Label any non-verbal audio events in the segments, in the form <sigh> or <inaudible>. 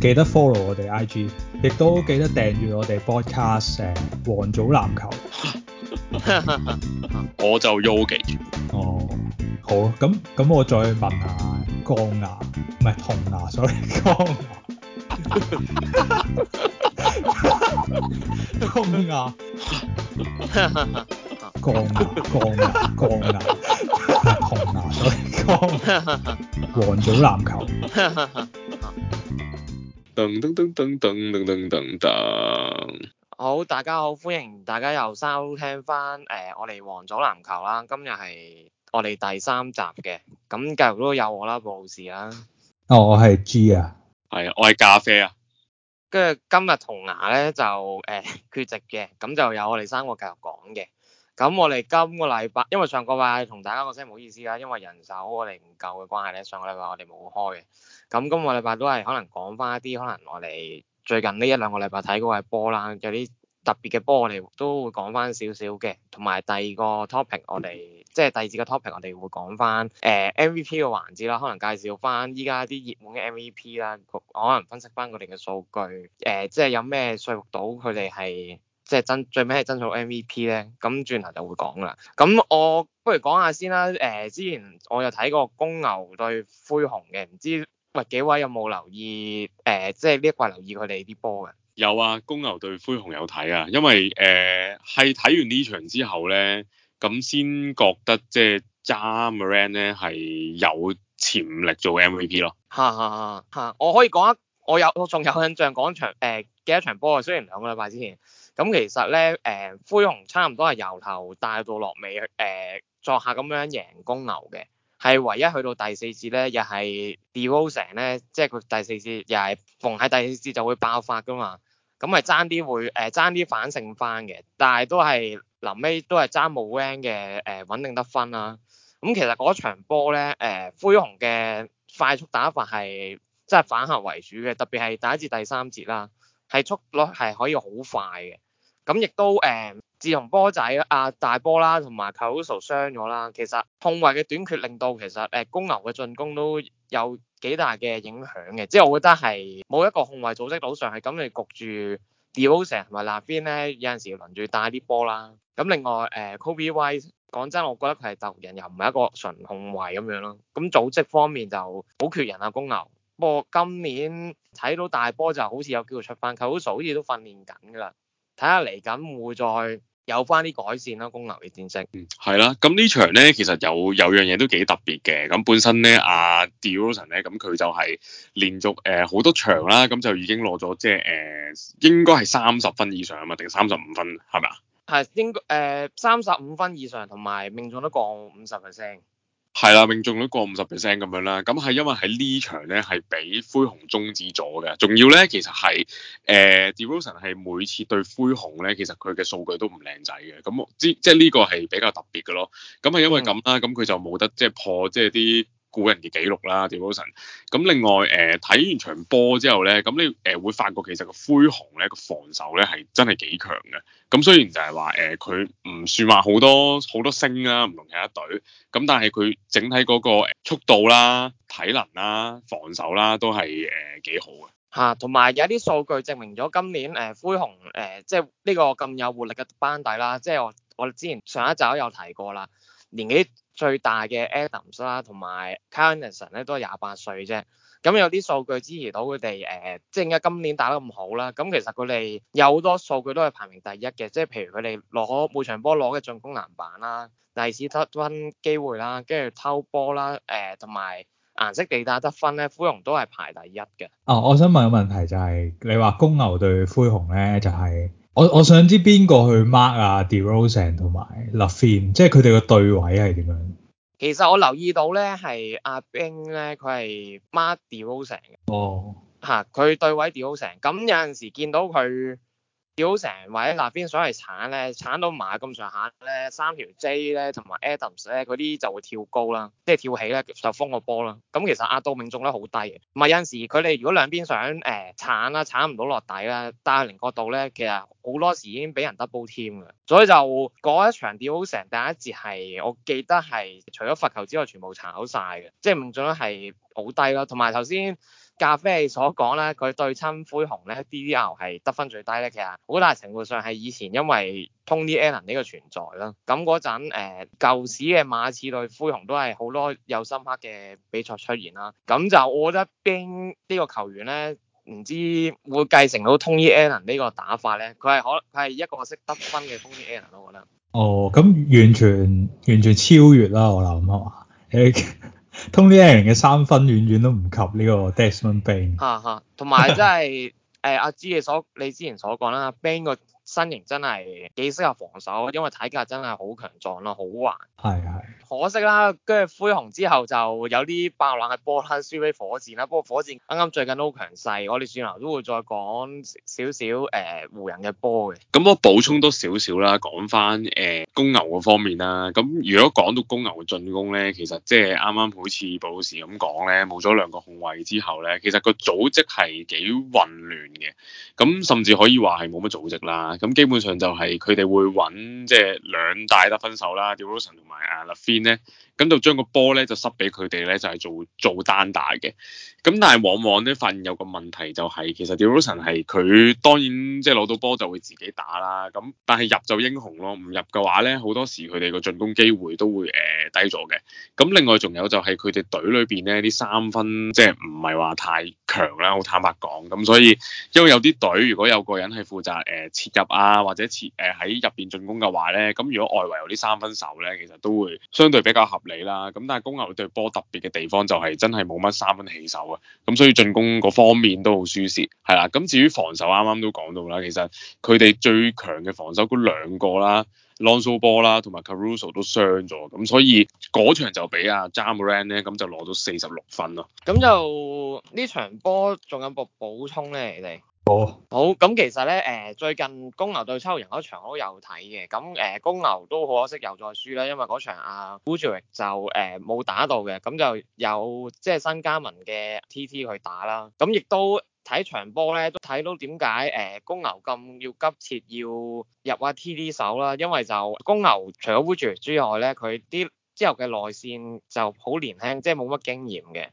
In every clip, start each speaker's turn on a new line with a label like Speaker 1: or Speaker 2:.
Speaker 1: 記得 follow 我哋 IG，亦都記得訂閱我哋 podcast、啊《成王祖籃球》，
Speaker 2: <laughs> 我就 Yogi，
Speaker 1: 哦，好，咁咁我再去問下江牙，唔係銅牙，所以江牙。江牙，江江牙，江 <laughs> 牙 <laughs> 雅，
Speaker 3: 銅牙，所以江。雅 Sorry,
Speaker 1: <laughs> 王祖籃球。
Speaker 2: 噔噔噔噔噔噔噔噔！
Speaker 3: 好，大家好，歡迎大家又收聽翻誒我哋黃組籃球啦，今日係我哋第三集嘅，咁繼續都有我啦，布魯士
Speaker 1: 啦，哦，我係 G 啊，係啊，我係咖啡啊，
Speaker 3: 跟住今日銅牙咧就誒缺席嘅，咁就有我哋三個繼續講嘅，咁我哋今個禮拜，因為上個禮拜同大家講聲唔好意思啦，因為人手我哋唔夠嘅關係咧，上個禮拜我哋冇開嘅。咁今個禮拜都係可能講翻一啲可能我哋最近呢一兩個禮拜睇過嘅波啦，有啲特別嘅波我哋都會講翻少少嘅，同埋第二個 topic 我哋即係第二個 topic 我哋會講翻誒 MVP 嘅環節啦，可能介紹翻依家啲熱門嘅 MVP 啦，可能分析翻佢哋嘅數據，誒即係有咩說服到佢哋係即係爭最尾係爭到 MVP 咧，咁轉頭就會講啦。咁我不如講下先啦，誒、呃、之前我又睇過公牛對灰熊嘅，唔知。喂，幾位有冇留意？誒、呃，即係呢一季留意佢哋啲波嘅。
Speaker 2: 有啊，公牛對灰熊有睇啊，因為誒係睇完呢場之後咧，咁先覺得即係 Ja Morant 呢係有潛力做 MVP 咯。嚇
Speaker 3: 嚇嚇嚇！我可以講一，我有我仲有印象講一，呃、一場誒幾多場波啊？雖然兩個禮拜之前，咁、嗯、其實咧誒、呃、灰熊差唔多係由頭帶到落尾誒、呃、作客咁樣贏公牛嘅。係唯一去到第四節咧，又係 DeRozan 咧，an, 即係佢第四節又係逢喺第四節就會爆發噶嘛，咁咪爭啲會誒爭啲反勝翻嘅，但係都係臨尾都係爭冇 win 嘅誒穩定得分啦。咁、嗯、其實嗰場波咧誒灰熊嘅快速打法係即係反客為主嘅，特別係打至第三節啦，係速度係可以好快嘅。咁亦都誒、嗯，自從波仔阿、啊、大波啦，同埋 Caruso 傷咗啦，其實控衞嘅短缺令到其實誒、呃、公牛嘅進攻都有幾大嘅影響嘅。即係我覺得係冇一個控衞組織到上，係咁嚟焗住 DeRozan 同埋 LaVine 咧，有陣時輪住打啲波啦。咁、嗯、另外誒、呃、，Coby White 講真，我覺得佢係投人又唔係一個純控衞咁樣咯。咁、嗯嗯、組織方面就好缺人啊公牛。不過今年睇到大波就好似有機會出翻 Caruso 好似都訓練緊㗎啦。睇下嚟緊會再有翻啲改善啦，公牛嘅戰績。嗯，
Speaker 2: 係啦、啊，咁呢場咧，其實有有樣嘢都幾特別嘅。咁本身咧，阿 Derozan 咧，咁佢就係連續誒好、呃、多場啦，咁就已經攞咗即係誒，應該係三十分以上啊嘛，定三十五分係咪啊？
Speaker 3: 係，應誒三十五分以上，同埋命中都降五十 percent。
Speaker 2: 係啦，命中率過五十 percent 咁樣啦，咁係因為喺呢場咧係俾灰熊中止咗嘅。仲要咧，其實係誒、呃、Derozan 係每次對灰熊咧，其實佢嘅數據都唔靚仔嘅。咁我即係呢個係比較特別嘅咯。咁係因為咁啦，咁佢、嗯、就冇得即係破即係啲個人嘅記錄啦 Donald 咁另外誒睇、呃、完場波之後咧，咁你誒會發覺其實個灰熊咧個防守咧係真係幾強嘅。咁雖然就係話誒佢唔算話好多好多星啦，唔同其他隊。咁但係佢整體嗰個速度啦、體能啦、防守啦都係誒幾好嘅。
Speaker 3: 嚇，同埋有一啲數據證明咗今年誒、呃、灰熊誒即係呢個咁有活力嘅班底啦。即、就、係、是、我我之前上一集有提過啦，年紀。最大嘅 Adams 啦、啊，同埋 Kyle Anderson 咧都係廿八歲啫。咁有啲數據支持到佢哋，誒、呃，即係而家今年打得咁好啦。咁其實佢哋有好多數據都係排名第一嘅，即係譬如佢哋攞每場波攞嘅進攻籃板啦、啊、第二次得分機會啦、啊、跟住偷波啦、啊，誒、呃，同埋顏色地帶得分咧，灰熊都係排第一嘅。
Speaker 1: 啊、哦，我想問個問題就係、是，你話公牛對灰熊咧，就係、是？我我想知邊個去 mark 啊，Derozan 同埋 LaVine，即係佢哋個對位係點樣？
Speaker 3: 其實我留意到咧，係阿冰咧，佢係 mark Derozan 嘅。哦、oh. 啊，嚇，佢對位 Derozan，咁有陣時見到佢。跳成或者嗱，邊想嚟鏟咧？鏟到埋咁上下咧，三條 J 咧同埋 Adams 咧，嗰啲就會跳高啦，即係跳起咧就封個波啦。咁其實壓度命中率好低，同埋有陣時佢哋如果兩邊想誒鏟啦，鏟、呃、唔到落底啦，但係零角度咧，其實好多時已經俾人 double 得波添嘅。所以就嗰一場跳成第一節係，我記得係除咗罰球之外，全部炒晒嘅，即係命中率係好低啦。同埋頭先。咖啡所講咧，佢對陣灰熊咧，D.D.R 係得分最低咧，其實好大程度上係以前因為 Tony Allen 呢個存在啦。咁嗰陣誒舊時嘅馬刺對灰熊都係好多有深刻嘅比賽出現啦。咁就我覺得邊呢個球員咧，唔知會繼承到 Tony Allen 呢個打法咧？佢係可佢係一個識得分嘅 Tony Allen，我覺得。
Speaker 1: 哦，咁完全完全超越啦，我諗啊。Hey. Tony Allen 嘅三分遠遠都唔及呢個 Desmond Bane，
Speaker 3: 吓吓，同埋即係誒阿芝，嘅、啊、所，你之前所講啦阿 Bane 個。身形真係幾適合防守，因為體格真係好強壯咯，好橫。係係是。可惜啦，跟住灰熊之後就有啲爆冷嘅波啦，輸俾火箭啦。不過火箭啱啱最近都好強勢，我哋轉頭都會再講少少誒湖人嘅波嘅。
Speaker 2: 咁我補充多少少啦，講翻誒公牛嘅方面啦。咁如果講到公牛嘅進攻咧，其實即係啱啱好似布魯士咁講咧，冇咗兩個控衞之後咧，其實個組織係幾混亂嘅，咁甚至可以話係冇乜組織啦。咁基本上就係佢哋會揾即係兩大得分手啦，DeRozan 同埋阿 LaVine 咧。Yeah. 咁就將個波咧就塞俾佢哋咧，就係、是、做做單打嘅。咁但係往往咧發現有個問題就係、是，其實 DeRozan 係佢當然即係攞到波就會自己打啦。咁但係入就英雄咯，唔入嘅話咧，好多時佢哋個進攻機會都會誒、呃、低咗嘅。咁另外仲有就係佢哋隊裏邊咧啲三分即係唔係話太強啦，好坦白講。咁所以因為有啲隊如果有個人係負責誒切、呃、入啊或者切誒喺入邊進攻嘅話咧，咁如果外圍有啲三分手咧，其實都會相對比較合。你啦，咁但係公牛對波特別嘅地方就係真係冇乜三分起手啊，咁所以進攻嗰方面都好舒適，係啦。咁至於防守，啱啱都講到啦，其實佢哋最強嘅防守嗰兩個啦，Lonzo 波啦同埋 Caruso 都傷咗，咁所以嗰場就俾阿 Ja Morant 咧咁就攞咗四十六分咯。
Speaker 3: 咁就呢場波仲有冇補充咧，你哋。好，好咁，其實咧，誒、呃、最近公牛對抽人嗰場我都有睇嘅，咁誒、呃、公牛都好可惜又再輸啦，因為嗰場阿、啊、Woods 就誒冇、呃、打到嘅，咁就有即係新加盟嘅 TT 去打啦，咁亦都睇場波咧，都睇到點解誒公牛咁要急切要入啊 TT 手啦，因為就公牛除咗 Woods 之外咧，佢啲之後嘅內線就好年輕，即係冇乜經驗嘅。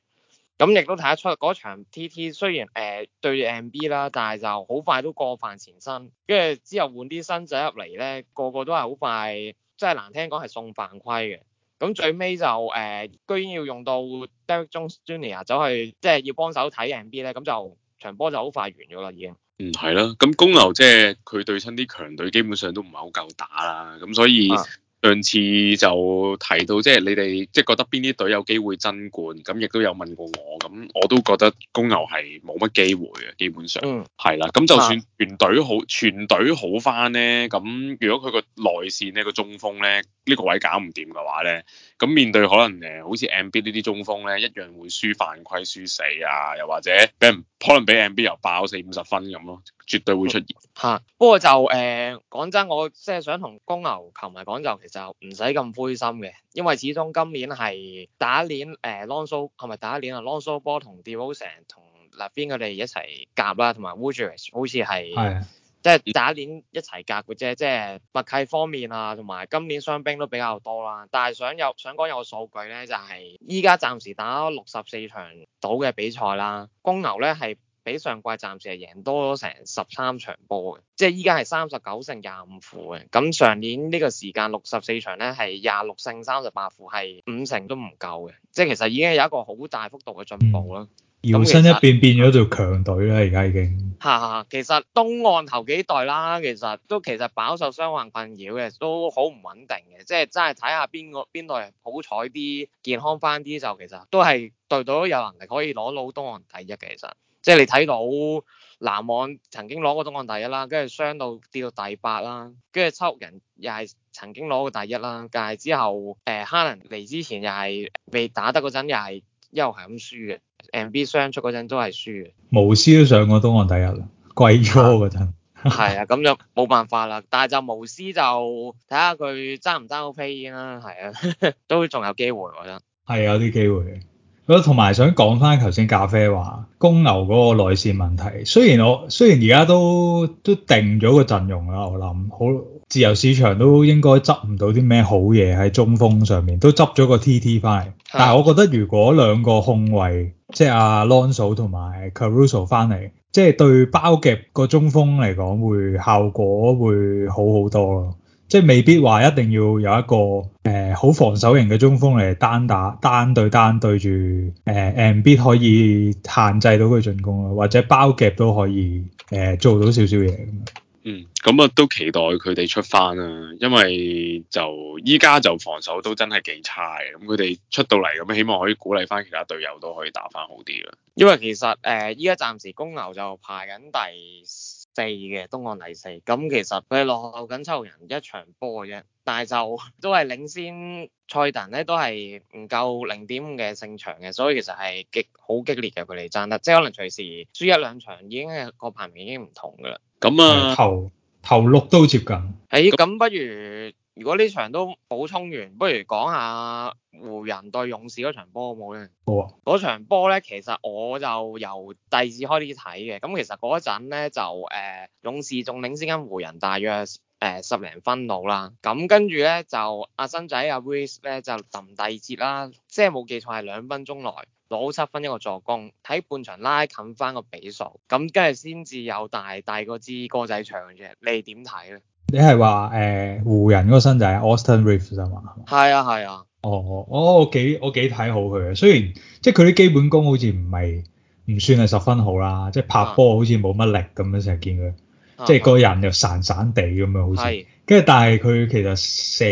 Speaker 3: 咁亦都睇得出嗰場 T T 雖然誒、呃、對住 M B 啦，但係就好快都過犯前身，跟住之後換啲新仔入嚟咧，個個都係好快，即係難聽講係送犯規嘅。咁最尾就誒、呃，居然要用到 Derrick Jones Jr. 走去，即、就、係、是、要幫手睇 M B 咧，咁就場波就好快完咗啦，已經。
Speaker 2: 嗯，係啦，咁公牛即係佢對親啲強隊，基本上都唔係好夠打啦，咁所以。啊。上次就提到，即係你哋即係覺得邊啲隊有機會爭冠，咁亦都有問過我，咁我都覺得公牛係冇乜機會嘅，基本上係啦。咁、嗯、就算全隊好，全隊好返咧，咁如果佢個內線呢個中鋒咧呢個位搞唔掂嘅話咧，咁面對可能誒好似 MB 呢啲中鋒咧，一樣會輸犯規、輸死啊，又或者俾人可能俾 MB 又爆四五十分咁咯。絕對會出現吓、嗯
Speaker 3: 啊，不過就誒講、呃、真，我即係想同公牛球迷講就，其實唔使咁灰心嘅，因為始終今年係打、呃是是打啊、一年誒，Lonzo 係咪第一年啊？Lonzo 波同 DeRozan 同 LaVine 佢哋一齊夾啦，同埋 Vucevic、er、好似係即係打一年一齊夾嘅啫，即、就、係、是、默契方面啊，同埋今年傷兵都比較多啦。但係想有想講有個數據咧，就係依家暫時打六十四場到嘅比賽啦，公牛咧係。比上季暫時係贏多咗成十三場波嘅，即係依家係三十九勝廿五負嘅。咁上年呢個時間六十四場咧係廿六勝三十八負，係五成都唔夠嘅。即係其實已經有一個好大幅度嘅進步啦、嗯。
Speaker 1: 搖身一變變咗做強隊啦，而家已經。
Speaker 3: 嚇嚇，其實東岸頭幾代啦，其實都其實飽受傷患困擾嘅，都好唔穩定嘅。即係真係睇下邊個邊代好彩啲健康翻啲，就其實都係隊到有能力可以攞到東岸第一嘅，其實。即係你睇到籃網曾經攞過東岸第一啦，跟住傷到跌到第八啦，跟住七人又係曾經攞過第一啦，但係之後誒哈登嚟之前又係未打得嗰陣又係一路係咁輸嘅 MB 傷出嗰陣都係輸
Speaker 1: 嘅。巫師都上過東岸第一啦，貴咗嗰陣。
Speaker 3: 係啊，咁、 <laughs> 啊、就冇辦法啦。但係就巫師，就睇下佢爭唔爭到飛啦。係啊，啊 <laughs> 都仲有機會我，我覺得
Speaker 1: 係有啲機會嘅。同埋想講翻頭先咖啡話公牛嗰個內線問題，雖然我雖然而家都都定咗個陣容啦，我諗好自由市場都應該執唔到啲咩好嘢喺中鋒上面，都執咗個 TT 翻嚟，但係我覺得如果兩個控衞即係阿 Lonzo 同埋 Caruso 翻嚟，即係對包夾個中鋒嚟講會效果會好好多咯。即係未必話一定要有一個誒好、呃、防守型嘅中鋒嚟單打單對單對住誒 M B 可以限制到佢進攻咯，或者包夾都可以誒、呃、做到少少嘢咁。嗯，
Speaker 2: 咁我都期待佢哋出翻啊，因為就依家就防守都真係幾差嘅，咁佢哋出到嚟咁，希望可
Speaker 3: 以鼓勵翻其他隊友都可以打翻好啲啦。因為其實誒依家暫時公牛就排緊第四嘅東岸第四，咁其實佢落後緊七六人一場波嘅啫，但係就都係領先賽呢，賽鄧咧都係唔夠零點五嘅勝場嘅，所以其實係極好激烈嘅佢哋爭得，即係可能隨時輸一兩場已經係個排名已經唔同噶啦。咁啊，嗯，頭
Speaker 1: 頭六都接近。
Speaker 3: 誒、欸，咁不如。如果呢場都補充完，不如講下湖人對勇士嗰場波好冇咧？好啊！嗰場波咧，其實我就由就、呃呃、就就第二節開始睇嘅。咁其實嗰陣咧就誒，勇士仲領先緊湖人大約誒十零分到啦。咁跟住咧就阿新仔阿 Reaves 咧就抌第二節啦，即係冇記錯係兩分鐘內攞七分一個助攻，喺半場拉近翻個比數。咁跟住先至有大大嗰支歌仔唱嘅。你哋點睇咧？
Speaker 1: 你係話誒湖人嗰個新仔 Austin Reaves 啊嘛？係啊係
Speaker 3: 啊。啊哦，我幾我幾睇好佢
Speaker 1: 嘅，雖然即係佢啲基本功好似唔係唔算係十分好啦，即係拍波好似冇乜力咁、啊、樣成日見佢，即係個人又孱孱地咁樣好似。跟住、啊、但係佢其實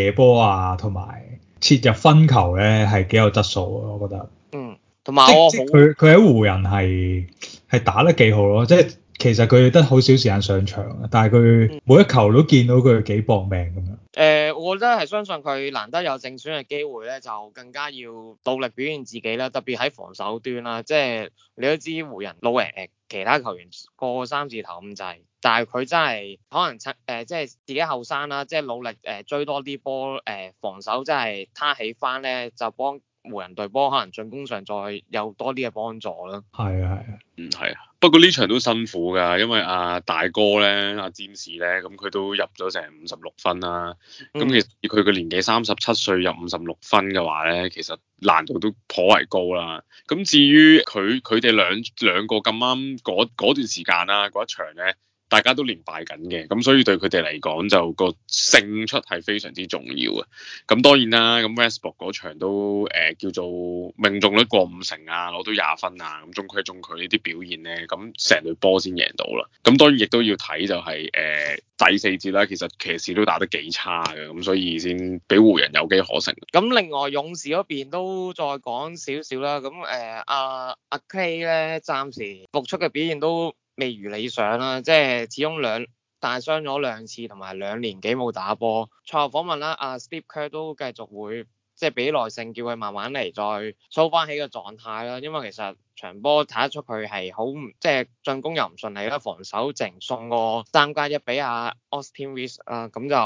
Speaker 1: 射波啊，同埋切入分球咧係幾有質素啊，我覺得。嗯，
Speaker 3: 同埋
Speaker 1: 佢佢喺湖人係係打得幾好咯，即係。其實佢得好少時間上場，但係佢每一球都見到佢幾搏命咁樣。
Speaker 3: 誒、嗯，我覺得係相信佢難得有正選嘅機會咧，就更加要努力表現自己啦。特別喺防守端啦，即、就、係、是、你都知湖人老誒其他球員過三字頭咁滯、就是，但係佢真係可能誒，即、呃、係、就是、自己後生啦，即、就、係、是、努力誒追多啲波誒防守，真係他起翻咧就幫。湖人對波可能進攻上再有多啲嘅幫助啦，係啊係啊，嗯
Speaker 2: 係啊，不過呢場都辛苦噶，因為阿、啊、大哥咧，阿詹士咧，咁佢都入咗成五十六分啦，咁其實佢個年紀三十七歲入五十六分嘅話咧，其實難度都頗為高啦。咁至於佢佢哋兩兩個咁啱嗰段時間啦、啊，嗰一場咧。大家都連敗緊嘅，咁所以對佢哋嚟講就個勝出係非常之重要嘅。咁當然啦，咁 Westbrook 嗰場都誒、呃、叫做命中率過五成啊，攞到廿分啊，咁中規中矩呢啲表現咧，咁成隊波先贏到啦。咁當然亦都要睇就係、是、誒、呃、第四節啦，其實騎士都打得幾差嘅，咁所以先俾湖人有機可乘。
Speaker 3: 咁另外勇士嗰邊都再講少少啦，咁誒阿阿 Klay 咧暫時復出嘅表現都未如理想啦，即係始終兩大傷咗兩次，同埋兩年幾冇打波。賽後訪問啦，阿、啊、Steph Curry 都繼續會即係俾耐性，叫佢慢慢嚟再收翻起個狀態啦。因為其實場波睇得出佢係好即係進攻又唔順利啦，防守淨送個三加一俾阿、啊、Austin Reaves 啊，咁就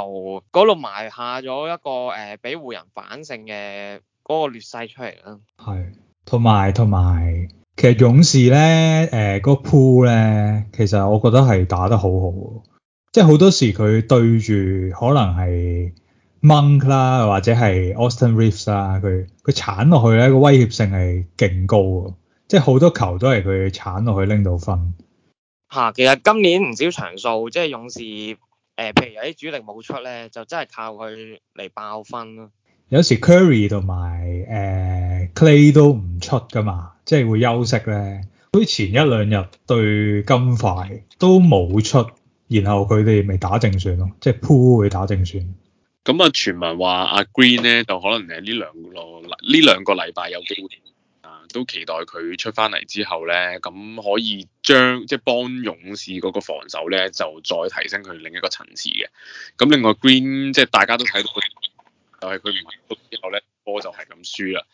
Speaker 3: 嗰度埋下咗一個誒俾、呃、湖人反勝嘅嗰個劣勢出嚟啦。係，
Speaker 1: 同埋同埋。其實勇士咧，誒、呃，個 pool 咧，其實我覺得係打得好好，即係好多時佢對住可能係 Monk 啦，或者係 Austin Reeves 啦，佢佢鏟落去咧，個威脅性係勁高啊！即係好多球都係佢鏟落去拎到分。
Speaker 3: 吓，其實今年唔少場數，即係勇士誒、呃，譬如有啲主力冇出咧，就真係靠佢嚟爆分咯。
Speaker 1: 有時 Curry 同埋誒、呃、Clay 都唔出噶嘛。即係會休息咧，好似前一兩日對金塊都冇出，然後佢哋咪打正選咯，即係鋪會打正選。
Speaker 2: 咁啊，傳聞話阿、啊、Green 咧就可能誒呢兩個呢兩個禮拜有機會啊，都期待佢出返嚟之後咧，咁可以將即係、就是、幫勇士嗰個防守咧就再提升佢另一個層次嘅。咁另外 Green 即係大家都睇到佢，就係佢唔之後咧，波就係咁輸啦。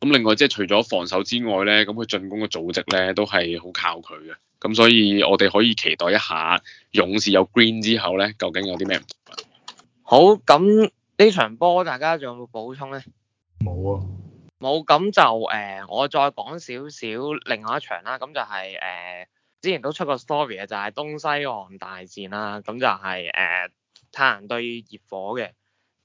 Speaker 2: 咁另外即係除咗防守之外咧，咁佢進攻嘅組織咧都係好靠佢嘅。咁所以我哋
Speaker 3: 可以期待一下勇士有 Green 之後咧，究竟有啲咩唔同？好，咁呢場波大家仲有冇補充咧？冇啊，冇。咁就誒、呃，我再講少少另外一場啦。咁就係、是、誒、呃，之前都出過 story 嘅，就係、是、東西岸大戰啦。咁就係、是、誒，太、呃、陽對熱火嘅。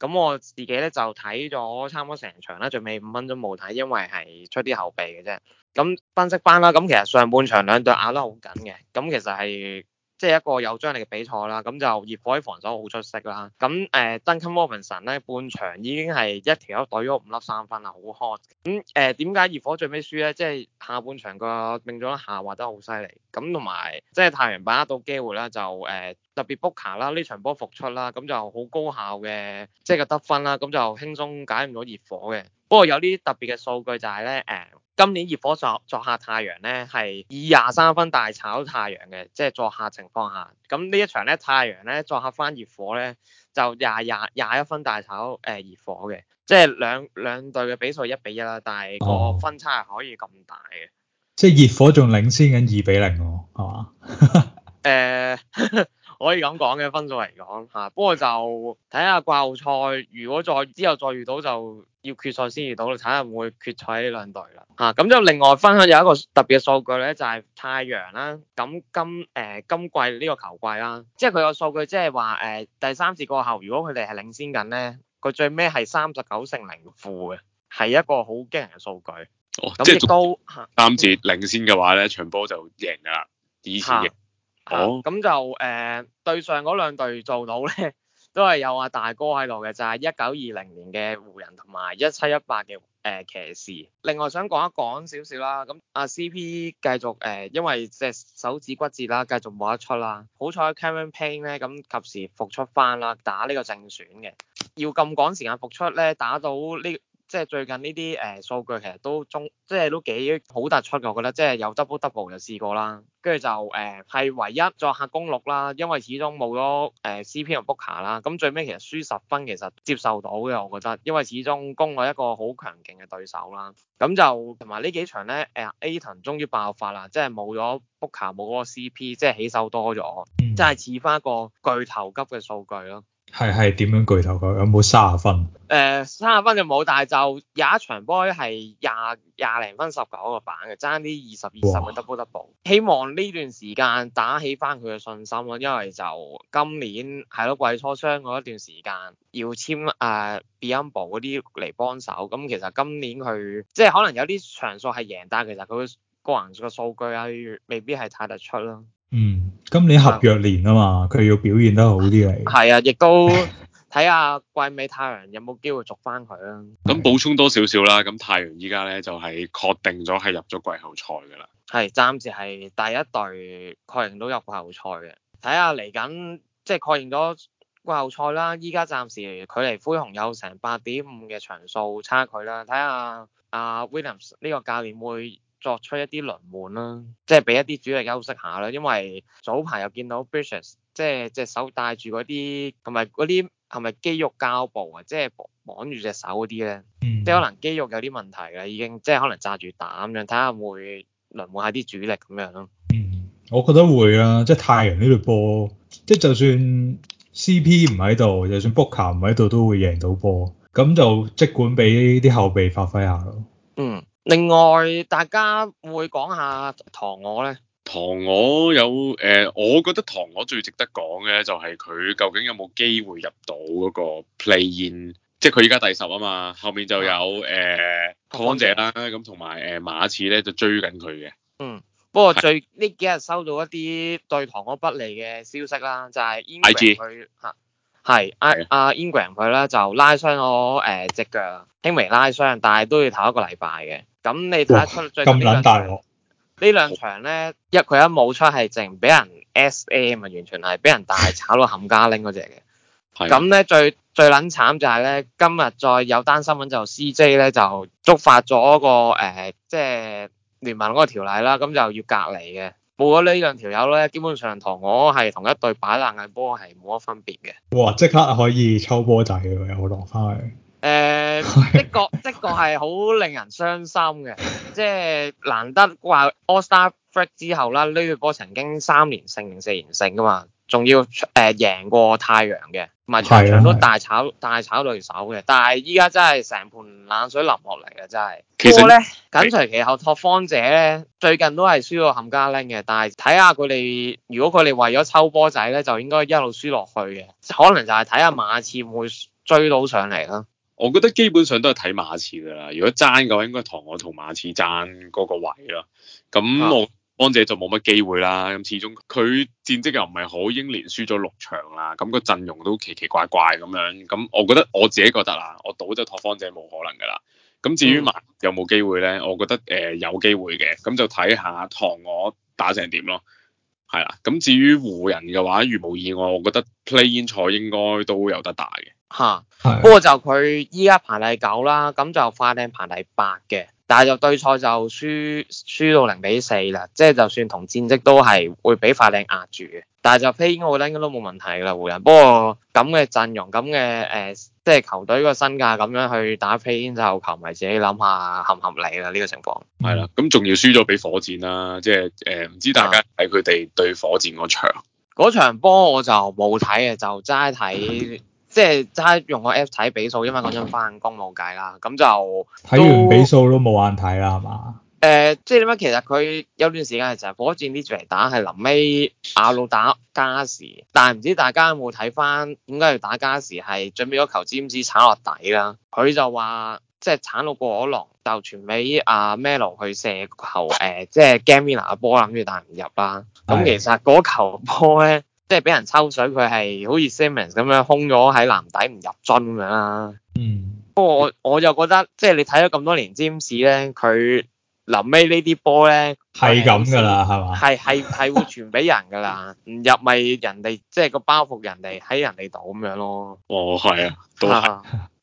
Speaker 3: 咁我自己咧就睇咗差唔多成場啦，最尾五分鐘冇睇，因為係出啲後備嘅啫。咁分析翻啦，咁其實上半場兩隊咬得好緊嘅，咁其實係。即係一個有張力嘅比賽啦，咁就熱火喺防守好出色啦。咁誒 Duncan Robinson 咧，半場已經係一條友隊咗五粒三分啦，好 hot。咁誒，點、呃、解熱火最尾輸咧？即係下半場個命中率下滑得好犀利。咁同埋即係太陽把握到機會啦，就誒、呃、特別 booker 啦，呢場波復出啦，咁就好高效嘅，即係個得分啦，咁就輕鬆解唔到熱火嘅。不過有啲特別嘅數據就係咧誒。呃今年熱火作作客太陽咧，係以廿三分大炒太陽嘅，即係作客情況下。咁呢一場咧，太陽咧作客返熱火咧，就廿廿廿一分大炒誒熱火嘅，即係兩兩隊嘅比數一比一啦，但係個分差係可以咁大嘅、哦。
Speaker 1: 即係熱火仲領先緊二比零喎，係 <laughs> 嘛、
Speaker 3: 呃？誒， <laughs> 可以咁講嘅分數嚟講嚇、啊。不過就睇下季後賽，如果再之後再遇到就。要決賽先至到，你睇下會唔會決賽呢兩隊啦。嚇，咁就另外分享有一個特別嘅數據咧，就係、是、太陽啦。咁今誒今季呢個球季啦，即係佢個數據，即係話誒第三節過後，如果佢哋係領先緊咧，佢最尾係三十九勝零負嘅，係一個好驚人嘅數據。哦，哦，即
Speaker 2: 係都三節領先嘅話咧，場波就贏㗎啦，以前贏。啊
Speaker 3: 啊、哦，咁、啊、就誒對、呃、上嗰兩隊做到咧。都係有阿大哥喺度嘅，就係一九二零年嘅湖人同埋一七一八嘅誒騎士。另外想講，講一講少少啦，咁阿、啊、CP 繼續誒、呃，因為隻手指骨折啦，繼續冇得出啦。好彩 Cameron Payne 咧咁，及時復出翻啦，打呢個正選嘅。要咁趕時間復出咧，打到呢～即係最近呢啲誒數據其實都中，即係都幾好突出嘅，我覺得。即係有 double double 就試過啦，跟住就誒係、呃、唯一作客公鹿啦，因為始終冇咗誒 CP 同 Booker 啦。咁最尾其實輸十分其實接受到嘅，我覺得，因為始終公鹿係一個好強勁嘅對手啦。咁就同埋呢幾場咧，誒 Ayton 終於爆發啦，即係冇咗 Booker，冇嗰個 CP，即係起手多咗，即係似翻一個巨頭級嘅數據咯。
Speaker 1: 係，係點樣巨頭？佢有冇三十分？
Speaker 3: 誒三十分就冇，但係就有一場波係廿廿零分十九個板嘅，爭啲二十二十嘅 double double。哇希望呢段時間打起翻佢嘅信心咯，因為就今年係咯季初傷過一段時間，要簽誒、呃、Biyombo 嗰啲嚟幫手。咁其實今年佢即係可能有啲場數係贏，但係其實佢個人嘅數據啦，未必係太突出啦。
Speaker 1: 嗯，今年合約年啊嘛，佢要表現得好啲嚟。
Speaker 3: 係啊，亦都睇下季尾太陽有冇機會續返佢啦。
Speaker 2: 咁補充多少少啦，咁太陽依家咧就係確定咗係入咗季後賽噶啦。
Speaker 3: 係，暫時係第一隊確認到入季後賽嘅。睇下嚟緊即係確認咗季後賽啦。依家暫時距離灰熊有成八點五嘅場數差距啦。睇下阿 Williams 呢個教練會作出一啲輪換啦，即係俾一啲主力休息下啦。因為早排又見到 Bridges，即係隻手戴住嗰啲同埋嗰啲係咪肌肉膠布啊？即係綁住隻手嗰啲咧，嗯、即係可能肌肉有啲問題嘅，已經即係可能揸住膽咁樣，睇下會輪換下啲主力咁樣咯。嗯，
Speaker 1: 我覺得會啊，即係太陽呢度波，即係就算 CP 唔喺度，就算 Booker 唔喺度，都會贏到波。咁就即管俾啲後備發揮下咯。嗯。
Speaker 3: 另外，大家會講下唐我咧？唐我有誒、呃，
Speaker 2: 我覺得唐我最值得講嘅就係佢究竟有冇機會入到嗰個 play in，即係佢而家第十啊嘛，後面就有誒康、呃嗯、姐啦，咁同埋誒馬刺咧就追緊佢嘅。嗯，
Speaker 3: 不過最呢幾日收到一啲對唐我不利嘅消息啦，就係 IG 佢吓。係阿阿 Ingram 佢咧就拉傷咗誒隻腳，輕微拉傷，但係都要唞一個禮拜嘅。咁你睇得出最呢兩場咧，一佢一冇出係，直情俾人 S m 咪完全係俾人大炒到冚家拎嗰隻嘅。咁咧最最撚慘就係咧，今日再有單新聞就 C J 咧就觸發咗個誒，即係聯盟嗰個條例啦，咁就要隔離嘅。冇咗呢兩條友咧，基本上同我係同一對擺爛嘅波係冇乜分別嘅。
Speaker 1: 哇！即刻可以抽波仔，有冇落翻去？
Speaker 3: 誒、呃，的確的確係好令人傷心嘅，即係難得話 All Star Break 之後啦，呢、這個波曾經三連勝、四連勝噶嘛，仲要誒贏、呃、過太陽嘅，唔係全場都大炒的大炒對手嘅，但係依家真係成盆冷水淋落嚟嘅，真係。其實咧，緊隨其後拓荒者咧，最近都係輸到冚家拎嘅，但係睇下佢哋，如果佢哋為咗抽波仔咧，就應該一路輸落去嘅，可能就係睇下馬刺會追到上嚟啦。
Speaker 2: 我覺得基本上都係睇馬刺噶啦，如果爭嘅話，應該唐我同馬刺爭嗰個位咯。咁我方姐就冇乜機會啦。咁始終佢戰績又唔係好，英聯輸咗六場啦。咁、個陣容都奇奇怪怪咁樣。咁我覺得我自己覺得啦，我倒咗拓荒者冇可能噶啦。咁至於馬有冇機會咧，我覺得誒、呃、有機會嘅。咁就睇下唐我打成點咯。係啦。咁至於湖人嘅話，如無意外，我覺得 play in 賽應該都有得打嘅。吓
Speaker 3: 哈的，不過就佢依家排第九啦，咁就快艇排第八嘅，但係就對賽就輸輸到零比四啦，即係就算同戰績都係會俾快艇壓住嘅，但係就飛奧，我覺得應該都冇問題噶啦，湖人。不過咁嘅陣容，咁嘅誒，即係球隊個身價咁樣去打飛奧，就球迷自己諗下合唔合理啦？呢、這個情況，係啦，咁
Speaker 2: 仲要輸咗俾火箭啦，即係誒、
Speaker 3: 唔、呃、知大家喺佢哋對火箭嗰場嗰、啊、場波我就冇睇嘅，就齋睇、嗯。即係齋用個 app 睇比數，因為嗰陣翻工冇計啦，咁就
Speaker 1: 睇完比數都冇眼睇啦，係嘛？
Speaker 3: 誒、呃，即係點解其實佢有段時間係成火箭呢隊嚟打，係臨尾阿魯打加時，但係唔知大家有冇睇翻點解要打加時，係準備咗球詹唔知鏟落底啦。佢就話即係鏟落個火龍，就傳俾阿 Melo 去射球，誒、呃，即係 Gamini 嘅波啦，諗住打唔入啦。咁的其實嗰球波咧。即係俾人抽水，佢係好似 Simmons 咁樣空咗喺籃底唔入樽咁樣啦。嗯，不過我我就覺得，即係你睇咗咁多年占士咧，佢臨尾呢啲波咧係咁噶啦，係
Speaker 1: 嘛？係
Speaker 3: 係係會傳俾人噶啦，唔 <laughs> 入咪人哋即係個包袱，人哋喺人哋度咁樣咯。哦，係啊，都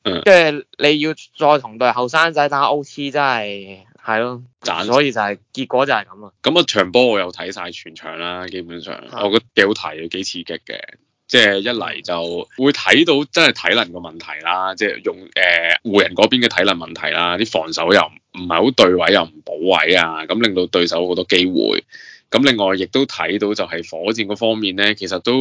Speaker 3: 即係 <laughs> 你要再同對後生仔打 ot 真係。真係咯，所以就係、係、結果就係咁啊。
Speaker 2: 咁啊場波我又睇晒全場啦，基本上的我覺得幾好睇，幾刺激嘅。即係一嚟就會睇到真係體能嘅問題啦，即係用誒湖、呃、人嗰邊嘅體能問題啦，啲防守又唔係好對位又唔補位啊，咁令到對手好多機會。咁另外亦都睇到就係火箭嗰方面咧，其實都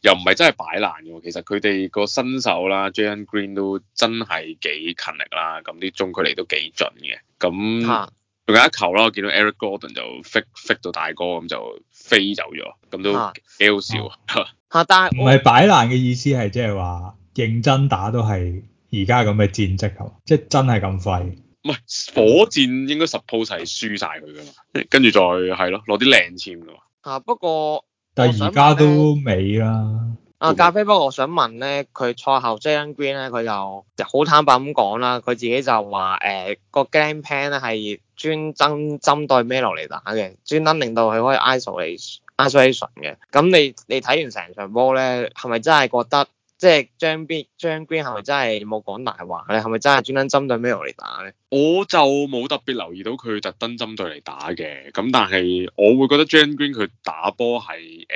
Speaker 2: 又唔係真係擺爛嘅喎。其實佢哋個新手啦，Jalen Green 都真係幾勤力啦。咁啲中距離都幾準嘅。咁、嗯、仲、啊、有一球啦，見到 Eric Gordon 就 fit fit 到大哥咁就飛走咗。咁都幾好笑嚇。
Speaker 1: 嚇、啊，但係唔係擺爛嘅意思係即係話認真打都係而家咁嘅戰績，即係真係咁廢。
Speaker 2: 唔係火箭應
Speaker 3: 該十鋪齊輸晒
Speaker 2: 佢噶嘛，跟住再係咯，攞啲靚簽噶嘛。
Speaker 3: 啊，不過
Speaker 1: 但係而家都未啦。
Speaker 3: 啊，咖啡，不過我想問咧，佢賽後 Jalen Green 咧，佢就好坦白咁講啦，佢自己就話誒個 game plan 咧係專針針對 Melo 嚟打嘅，專登令到佢可以 isolate isolation 嘅。咁你你睇完成場波咧，係咪真係覺得？即係張邊張 Green 係咪真係冇講大話咧？係咪真係專登針對 Melo 嚟打咧？
Speaker 2: 我就冇特別留意到佢特登針對嚟打嘅，咁但係我會覺得張 Green 佢打波係誒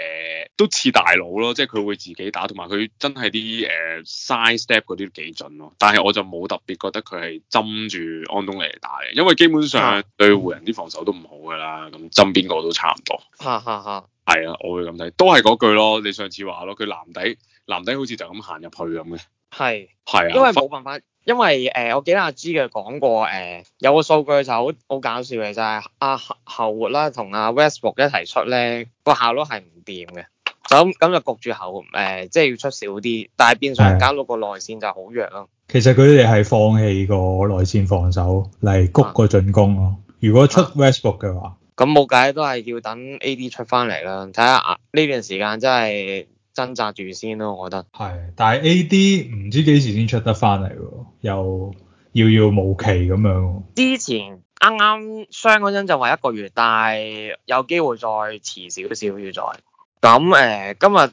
Speaker 2: 都似大佬咯，即係佢會自己打，同埋佢真係啲誒 side step 嗰啲都幾準咯。但係我就冇特別覺得佢係針住安東尼嚟打嘅，因為基本上對湖人啲防守都唔好噶啦，咁針邊個都差唔多。
Speaker 3: 哈哈哈，
Speaker 2: 係啊，我會咁睇，都係嗰句咯，你上次話咯，佢籃底。男底好似就咁行入去咁嘅，係係
Speaker 3: 啊，因為冇辦法，因為誒、呃，我記得阿、啊、G 嘅講過，誒、呃，有個數據就好好搞笑嘅，就係阿後活啦、啊、同阿、啊、Westbrook 一齊出咧，個效率係唔掂嘅，咁咁就焗住後誒，即、呃、係、就是、要出少啲，但係變相搞到個內線就好弱咯、啊。
Speaker 1: 其實佢哋係放棄個內線防守嚟谷個進攻咯、啊。如果出 Westbrook 嘅話，
Speaker 3: 咁冇計，都、啊、係要等 AD 出翻嚟啦。睇下呢段時間真係。掙扎住先咯、啊，我覺得係，
Speaker 1: 但係 A.D 唔知幾時先出得翻嚟喎，又遙遙無期咁樣。
Speaker 3: 之前啱啱傷嗰陣就話一個月，但係有機會再遲少少要再咁誒、呃。今日誒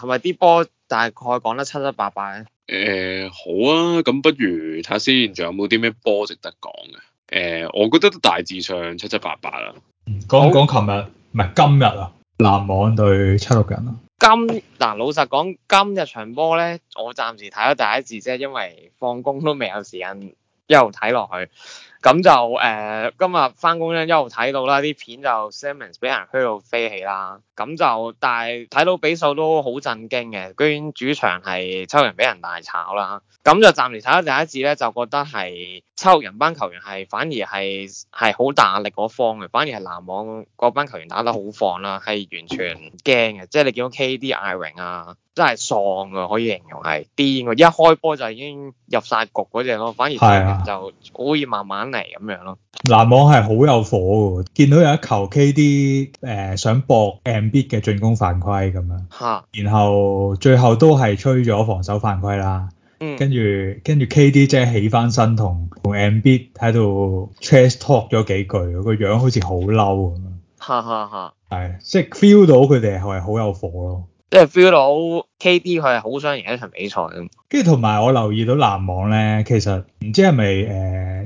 Speaker 3: 係咪啲波大概講得七七八八
Speaker 2: 咧？誒、呃、好啊，咁不如睇下先，仲有冇啲咩波值得講嘅？誒、呃，我覺
Speaker 3: 得大致上七七八八啦。
Speaker 1: 講講琴日唔係今日啊，籃、嗯啊、網對七六人啊。
Speaker 3: 今嗱，老實講，今日場波咧，我暫時睇咗第一次啫，因為放工都未有時間一路睇落去。咁就誒、呃、今日翻工咧，一路睇到啦啲片就 Simmons 俾人飄到飛起啦。咁就但係睇到比數都好震驚嘅，居然主場係抽人俾人大炒啦。咁就暫時炒到第一節咧，就覺得係抽人班球員係反而係係好大壓力嗰方嘅，反而係籃網嗰班球員打得好放啦，係完全唔驚嘅，即係你見到 KD Irving 啊。真係喪噶，可以形容係癲。一開波就已經入晒局嗰隻咯，反而就可以慢慢嚟咁樣咯。籃、
Speaker 1: 啊、網係好有火嘅，見到有一球 KD 誒、呃、想搏 Embiid 嘅進攻犯規咁樣，哈然後最後都係吹咗防守犯規啦、嗯。跟住跟住 KD 即係起返身同同 Embiid 喺度 trash talk 咗幾句，個樣好似好嬲咁樣。
Speaker 3: 哈哈哈，係即係、
Speaker 1: 就是、feel 到佢哋係好有火
Speaker 3: 咯。即係 feel 到 KD 佢係好想贏一場比賽咁，跟
Speaker 1: 住同埋我留意到籃網咧，其實唔知係咪誒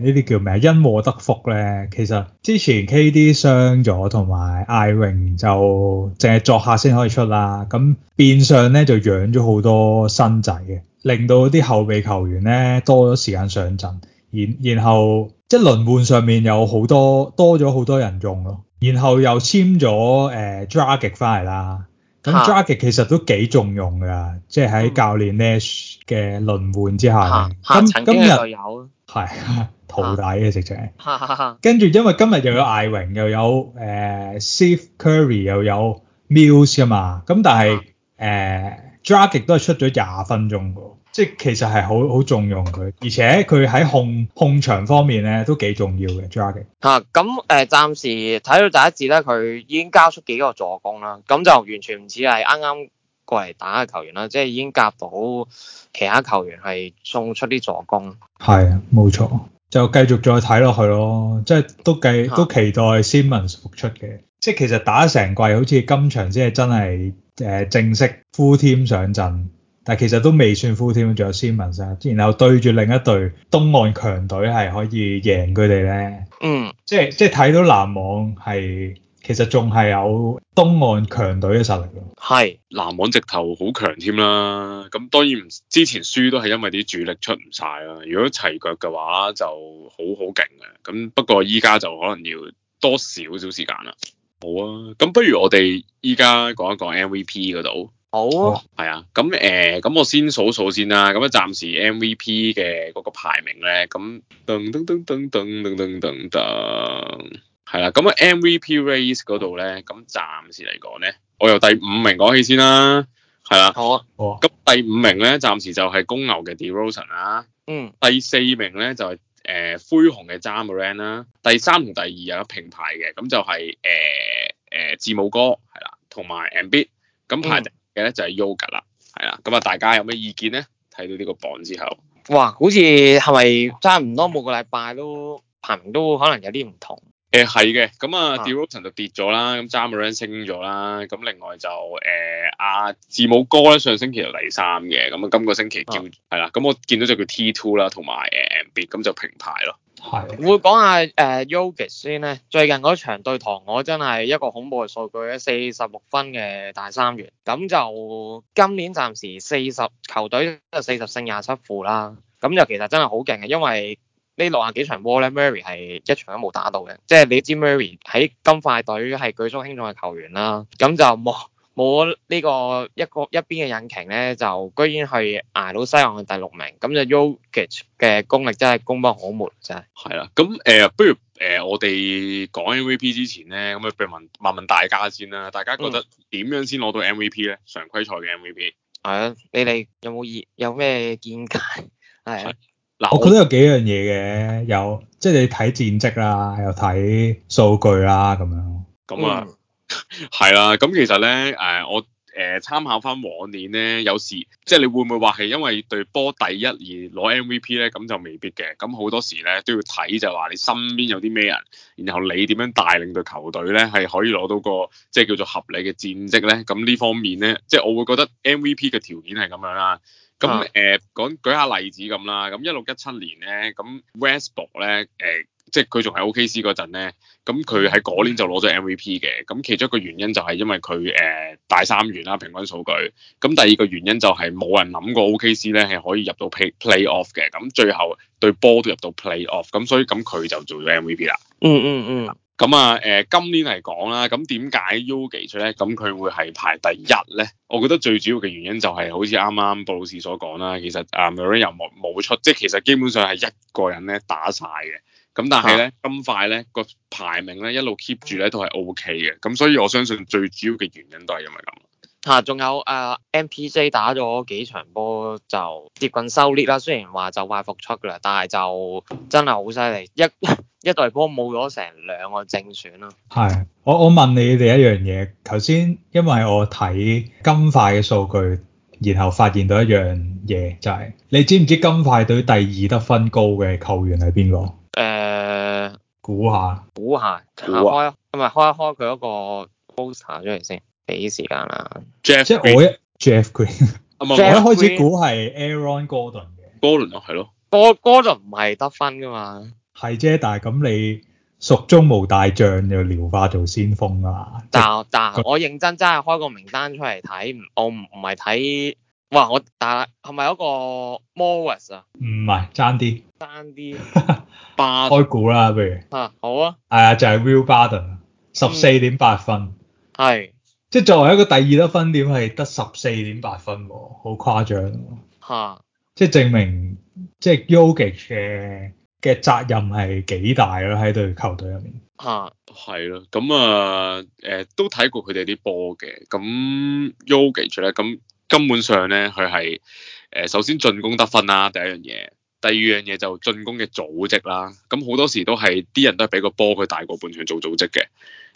Speaker 1: 呢啲叫咩因禍得福咧，其實之前 KD 傷咗，同埋艾 r 就淨係作客先可以出啦。咁變相咧就養咗好多新仔嘅，令到啲後備球員咧多咗時間上陣，然然後即係輪換上面有好多多咗好多人用咯，然後又簽咗誒、呃、Dragic 翻嚟啦。咁 Dragic 其實都幾重用噶，即係喺教練 Nash 嘅輪換之下，啊啊、今今天日有，係徒弟嘅直情，跟住因為今日又有艾榮，又有誒、呃、Steve Curry，又有 Mills 噶嘛，咁但係誒 Dragic 都係出咗廿分鐘噶。即係其實係好好重用佢，而且佢喺控控場方面咧都幾重要嘅。j o c k i e
Speaker 3: 嚇咁誒，暫、呃、時睇到第一節咧，佢已經交出幾個助攻啦，咁就完全唔似係啱啱過嚟打嘅球員啦，即係已經夾到其他球員係送出啲助攻。
Speaker 1: 係啊，冇錯，就繼續再睇落去咯，即係都計都期待 Simmons 復出嘅。啊、即係其實打成季好似今場先係真係誒正式 full team 上陣。但其實都未算 full 添，仲有 Simmons m 然後對住另一隊東岸強隊係可以贏佢哋咧。嗯即，即係即係睇到籃網係其實仲係有東岸強隊嘅實力
Speaker 2: 㗎。係籃網直頭好強添啦。咁當然之前輸都係因為啲主力出唔晒啦。如果齊腳嘅話就好好勁嘅。咁不過依家就可能要多少少時間啦。好啊，咁不如我哋依家講一講 MVP 嗰度。好係啊，咁誒，咁我先數數先啦，咁啊，暫時 MVP 嘅嗰個排名咧，咁噔噔噔噔噔噔噔噔，係啦，咁啊 MVP race 嗰度咧，咁暫時嚟講咧，我由第五名講起先啦，係啦，好啊，咁第五名咧，暫時就係公牛嘅 Derozan 啦，嗯，第四名咧就係誒灰熊嘅 Ja Morant 啦。第三同第二有啊平牌嘅，咁就係誒誒字母哥係啦，同埋 Embiid，咁排。咧就係 Jokic 啦，係啦，咁啊大家有咩意見咧？睇到呢個榜之
Speaker 3: 後，哇，好似係咪差唔多每個禮拜都排名都可能有啲唔同？
Speaker 2: 誒係嘅，咁啊,啊，DeRozan 就跌咗啦，咁 Ja Morant 升咗啦，咁另外就誒、呃、啊字母哥咧上星期就第三嘅，咁啊今個星期叫係啦，咁、啊、我見到就叫 T Two 啦，同埋誒 Embiid 咁就平排咯。
Speaker 3: 會講下誒、uh,，Yogi 先咧。最近嗰場對唐我真係一個恐怖嘅數據嘅，四十六分嘅大三元。咁就今年暫時四十球隊有四十勝廿七負啦。咁就其實真係好勁嘅，因為呢六廿幾場波咧，Murray 係一場都冇打到嘅。即係你知 Murray 喺金塊隊係舉足輕重嘅球員啦。咁就冇。我呢、這個一個一邊嘅引擎咧，就居然係捱到西岸嘅第六名，咁就 Jokic 嘅功力真係功不可沒，真係。係啦、
Speaker 2: 啊，咁誒、呃，不如誒、呃，我哋講 MVP 之前咧，咁啊，不如問問，問問大家先啦，大家覺得點樣先
Speaker 3: 攞到 MVP 咧？常規賽嘅 MVP 係啊、嗯，你哋有冇意有咩見解？嗱 <laughs> 、
Speaker 1: 啊，我覺得有幾樣嘢嘅，有即係你睇戰績啦，又睇數據啦，咁樣。咁啊、嗯、
Speaker 2: ～係啦，咁其實咧，誒、呃，我誒、呃、參考翻往年咧，有時即係你會唔會話係因為隊波第一而攞 MVP 咧？咁就未必嘅。咁好多時咧都要睇，就話你身邊有啲咩人，然後你點樣帶領隊球隊咧，係可以攞到個即係叫做合理嘅戰績咧？咁呢方面咧，即係我會覺得 MVP 嘅條件係咁樣啦。咁誒，講、啊呃、舉，舉下例子咁啦。咁一六一七年咧，咁 Westbrook 咧，誒、呃。即係佢仲係 OKC 嗰陣咧，咁佢喺嗰年就攞咗 MVP 嘅。咁其中一個原因就係因為佢誒、呃、大三元啦，平均數據。咁第二個原因就係冇人諗過 OKC、OK、咧係可以入到 play, play off 嘅。咁最後對波都入到 play off，咁所以咁佢就做咗 MVP 啦。嗯嗯嗯。咁啊誒，今年嚟講啦，咁點解 Jokic 出咧？咁佢會係排第一咧？我覺得最主要嘅原因就係、是、好似啱啱布魯士所講啦，其實阿 Murray 又冇冇出，即係其實基本上係一個人咧打晒嘅。咁但係咧，啊、金塊咧個排名咧一路 keep 住咧都係 O K 嘅。咁所以我相信最主要嘅原因都係因為咁
Speaker 3: 吓，仲有誒、uh, M P J 打咗幾場波就接近收獵啦。雖然話就快復出噶啦，但係就真係好犀利一一隊波冇咗成兩個正選啦。
Speaker 1: 係我我問你哋一樣嘢，頭先因為我睇金塊嘅數據，然後發現到一樣嘢就係、是、你知唔知金塊隊第二得分高嘅球員係邊個？
Speaker 3: 誒，估下，估下，查開，唔係開一開佢嗰個 poster 出嚟先，俾時間啦。Jeff 我一 Jeff Green，我一開始估係 Aaron Gordon 嘅，Gordon 係咯，Gordon 唔係得分㗎嘛，
Speaker 1: 係啫，但係咁你蜀中無大將，就廖化做先鋒啊嘛。
Speaker 3: 但但我認真真係開個名單出嚟睇，我唔唔係睇。哇！我打係咪有一個 Morris 啊？
Speaker 1: 唔係爭啲，
Speaker 3: 爭啲，點 <laughs>
Speaker 1: 開估啦不如。吓、啊、好啊，係啊，就係 Will Barton 十四點八分，係、嗯、即係作為一個第二粒分點，係得十四點八分，好誇張吓，啊、即係證明即係、就是、Yogi 嘅嘅責任係幾大咯，喺隊球隊入面
Speaker 2: 吓係咯，咁啊，誒、啊呃、都睇過佢哋啲波嘅，咁 Yogi 咧咁。根本上咧，佢係誒首先進攻得分啦，第一樣嘢；第二樣嘢就進攻嘅組織啦。咁好多時都係啲人都係俾個波佢大過半場做組織嘅。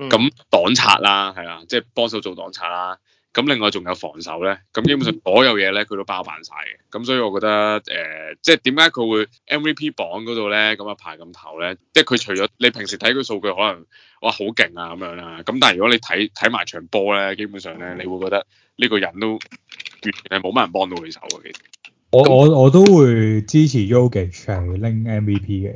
Speaker 2: 咁擋拆啦，係啦，即係幫手做擋拆啦。咁另外仲有防守咧。咁基本上所有嘢咧，佢都包辦晒嘅。咁所以我覺得誒、呃，即係點解佢會 MVP 榜嗰度咧，咁啊排咁頭咧？即係佢除咗你平時睇佢數據，可能哇好勁啊咁樣啦。咁但係如果你睇睇埋場波咧，基本上咧，你會覺得呢個人都，係冇乜人幫
Speaker 1: 到佢手嘅，其實我我我都會支持 Jokic 係拎 MVP 嘅，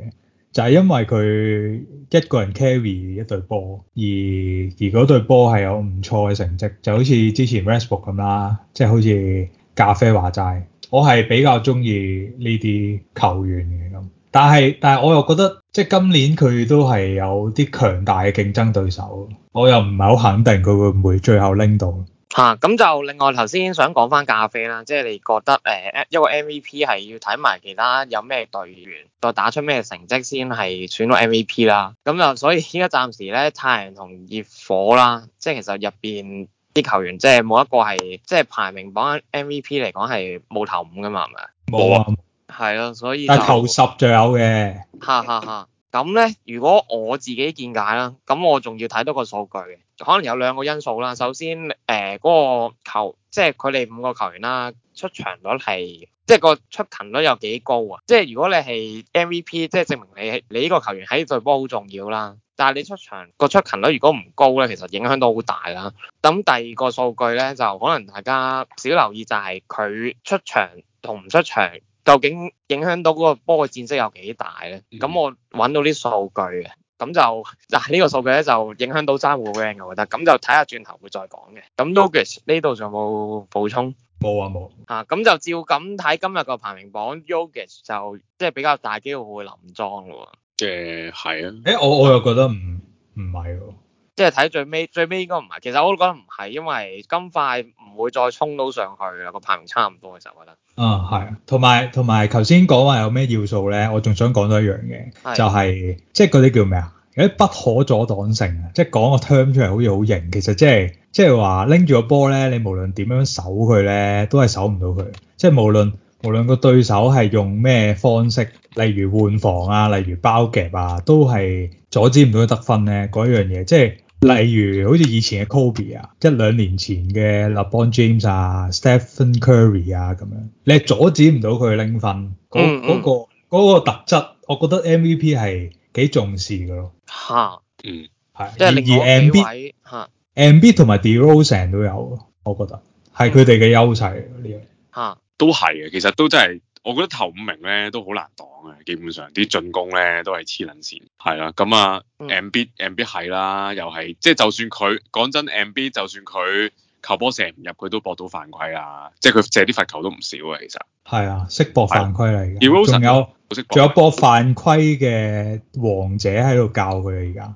Speaker 1: 就係因為佢一個人 carry 一隊波，而而嗰隊波係有唔錯嘅成績，就好似之前 Westbrook 咁啦，即係好似咖啡話齋，我係比較中意呢啲球員嘅咁，但係但係我又覺得即係今年佢都係有啲強大嘅競爭對手，我又唔係好肯定佢會唔會最後拎到。
Speaker 3: 吓咁、啊、就另外頭先想講翻咖啡啦，即係你覺得誒一個 MVP 係要睇埋其他有咩隊員再打出咩成績先係選到 MVP 啦。咁就所以依家暫時咧，太陽同熱火啦，即係其實入邊啲球員即係冇一個係即係排名榜 MVP 嚟講係冇頭五噶嘛，係咪？冇啊，係咯，所以但係頭
Speaker 1: 十就有嘅，
Speaker 3: 哈哈哈。啊啊咁咧，如果我自己見解啦，咁我仲要睇多個數據嘅，可能有兩個因素啦。首先，誒、呃、嗰、那個球，即係佢哋五個球員啦，出場率係，即係個出勤率有幾高啊？即係如果你係 MVP，即係證明你你呢個球員喺隊波好重要啦。但係你出場個出勤率如果唔高咧，其實影響都好大啦。咁第二個數據咧，就可能大家少留意，就係佢出場同唔出場。究竟影響到嗰個波嘅戰績有幾大咧？咁、嗯、我揾到啲數據嘅，咁就嗱呢、啊呢個數據咧就影響到爭冠嘅，我覺得。咁就睇下轉頭會再講嘅。咁 Yogesh 呢度仲有冇補充？冇啊冇。啊咁就照咁睇今日個排名榜，Yogesh、嗯、就即係、就係、比較大機會會臨莊咯喎。誒係、嗯、啊。誒、欸、我我又覺得
Speaker 1: 唔唔係
Speaker 3: 喎。即係睇最尾，最尾應該唔係。其實我都覺得唔係，因為金塊唔會再衝到上去啦。個排名差唔多嘅時候，我覺得。
Speaker 1: 嗯，係。同埋同埋，頭先講話有咩要素咧，我仲想講多一樣嘢，就係即係嗰啲叫咩啊？有啲不可阻擋性啊！即係講個 term 出嚟好似好型，其實即係即係話拎住個波咧，你無論點樣守佢咧，都係守唔到佢。即係無論無論個對手係用咩方式，例如換防啊，例如包夾啊，都係阻止唔到佢得分咧。嗰樣嘢即係。例如好似以前嘅 Kobe、bon、啊，一兩年前嘅 LeBron James 啊，Stephen Curry 啊咁樣，你係阻止唔到佢拎分，嗰嗰、嗯嗯嗰個嗰個特質，我覺得 MVP 係幾重視㗎囉。
Speaker 3: 嚇，嗯，係是。就是、而而 M B
Speaker 1: 嚇，M B 同埋 DeRozan 都有，我覺得係佢哋嘅優勢呢嘅。嚇，嗯
Speaker 2: 這個、都係嘅，其實都真係。我覺得頭五名咧都好難擋啊，基本上啲進攻咧都係黐撚線，係啦、啊。咁、嗯、啊，M B M B 係啦，又係即係就算佢講真，M B 就算佢球波射唔入，佢都搏到犯規啊。即係佢借啲罰球都唔少啊，其實。
Speaker 1: 係啊，識搏犯規嚟嘅。而仲、啊、在有仲好有搏犯規嘅王者喺度教佢 <laughs> 啊，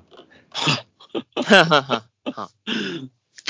Speaker 1: 而家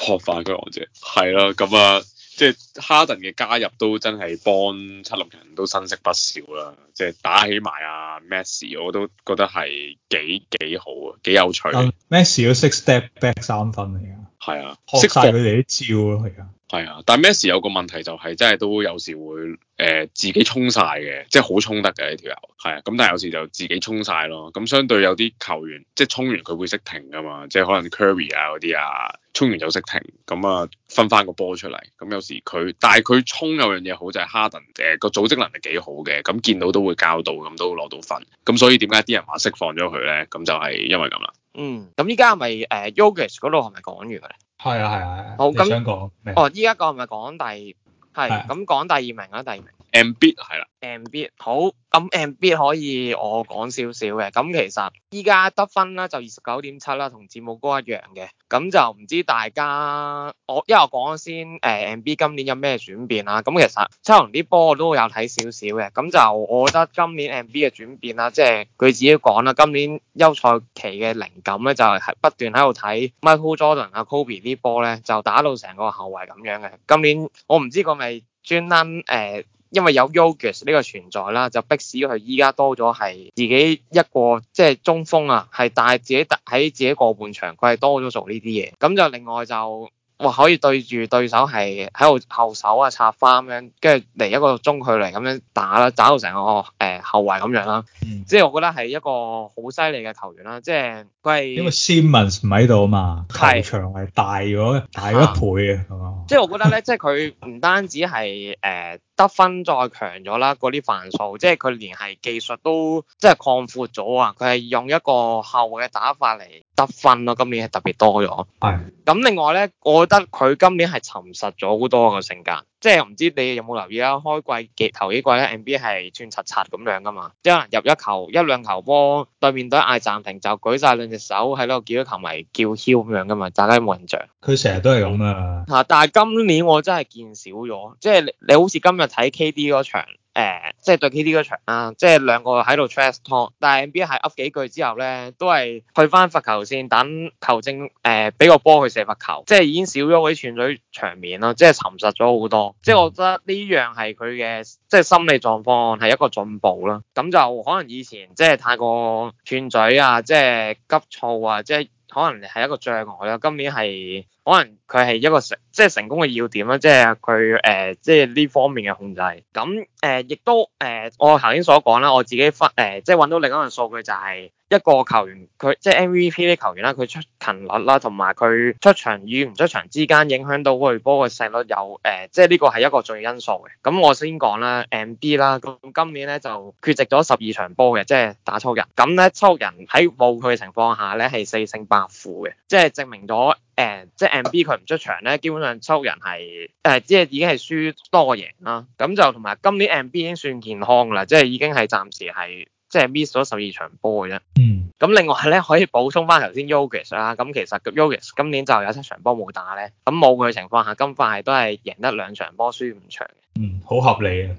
Speaker 2: 搏犯規王者係啦，咁啊。 <laughs> 即係哈登嘅加入都真係幫七六人都增色不少啦！即係打起埋阿 Maxey，我都覺得係幾幾好啊，幾有趣的。
Speaker 1: Maxey 都識 step back 三分嚟而家係啊，的學晒佢哋啲招咯，
Speaker 2: 而家係啊。但係 Maxey 有個問題就係，真係都有時會誒、呃、自己衝晒嘅，即係好衝得嘅呢條友係啊。咁、這個、但係有時就自己衝晒咯，咁相對有啲球員即係衝完佢會識停噶嘛，即係可能 Curry 啊嗰啲啊。衝完就識停，咁啊分翻個波出嚟，咁有時佢，但係佢衝有樣嘢好就係、是、哈登，嘅個組織能力幾好嘅，咁見到都會交到，咁都攞到分，咁所以點解啲人話釋放咗佢咧？咁就係因為咁啦。嗯，
Speaker 3: 咁依家係咪誒 Yoga 嗰度係咪講完咧？係啊係啊，好，咁哦依家個係咪講第係咁講第二名啊，第二名。M B 係啦，M B 好咁，M B 可以我講少少嘅咁，其實依家得分啦就二十九點七啦，同字母哥一樣嘅，咁就唔知大家我因為我講先，誒、呃、M B 今年有咩轉變啦？咁其實七龍啲波我都有睇少少嘅，咁就我覺得今年 M B 嘅轉變啦，即係佢自己講啦，今年休賽期嘅靈感咧就係不斷喺度睇 Michael Jordan 啊 Kobe 啲波咧，就打到成個後衛咁樣嘅。今年我唔知佢咪專登誒。呃因為有 Jokic 呢個存在啦，就逼使佢依家多咗係自己一個，即係中鋒啊，係帶自己喺自己過半場佢係多咗做呢啲嘢。咁就另外就哇可以對住對手係喺度後手啊插花咁樣，跟住嚟一個中距離咁樣打啦，打到成個誒、哦呃、後衞咁樣啦。嗯、即係我覺得係一個好犀利嘅球員啦。即係佢係因為
Speaker 1: Simmons 唔喺度啊嘛，球場係大咗是大咗一倍
Speaker 3: 啊。 <laughs> 即係我覺得咧，即係佢唔單止係誒。呃得分再強咗啦，嗰啲範數，即係佢連係技術都即係擴闊咗啊！佢係用一個後嘅打法嚟得分咯，今年係特別多咗。係，咁另外咧，我覺得佢今年係沉實咗好多個性格。即係唔知你有冇留意啦，開季頭幾，幾季咧 NBA 係寸柒柒咁樣噶嘛，即係入一球一兩球波，對面隊嗌暫停就舉晒兩隻手，喺度叫球迷叫囂咁樣噶嘛，大家冇印象？
Speaker 1: 佢成日都係咁啊！
Speaker 3: 嚇、啊，但係今年我真係見少咗，即係你你好似今日睇 KD 嗰場。誒、呃，即係對 K D 嗰場啊，即係兩個喺度 trash talk，但係 NBA 係噏幾句之後咧，都係去翻罰球線，等球證誒俾個波去射罰球，即係已經少咗嗰啲串嘴場面咯，即係沉實咗好多，即係我覺得呢樣係佢嘅即係心理狀況係一個進步啦。咁就可能以前即係太過串嘴啊，即係急躁啊，即係可能係一個障礙啦。今年係。可能佢係一個成即係成功嘅要點啦，即係佢誒，即係呢方面嘅控制。咁誒，亦、呃、都誒、呃，我頭先所講啦，我自己分誒、呃，即係搵到另一份數據就係一個球員佢即係 MVP 啲球員啦，佢出勤率啦，同埋佢出場與唔出場之間影響到佢波嘅勝率有誒、呃，即係呢個係一個重要因素嘅。咁我先講啦，Embiid 啦，咁今年咧就缺席咗十二場波嘅，即係打七六人。咁咧七六人喺冇佢嘅情況下咧係四勝八負嘅，即係證明咗。誒、呃，即係 Embiid 佢唔出場咧，基本上抽人係誒、呃，即係已經係輸多贏啦。咁就同埋今年 Embiid 已經算健康、嗯、啦，即係已經係暫時係即係 miss 咗十二場波嘅啫。嗯。咁另外咧可以補充翻頭先 Jokic 啦，咁其實 Jokic 今年就有七場波冇打咧，咁冇佢嘅情況下，今季都係贏得兩場波，輸五場嘅。嗯，
Speaker 1: 好合理 <laughs> 啊。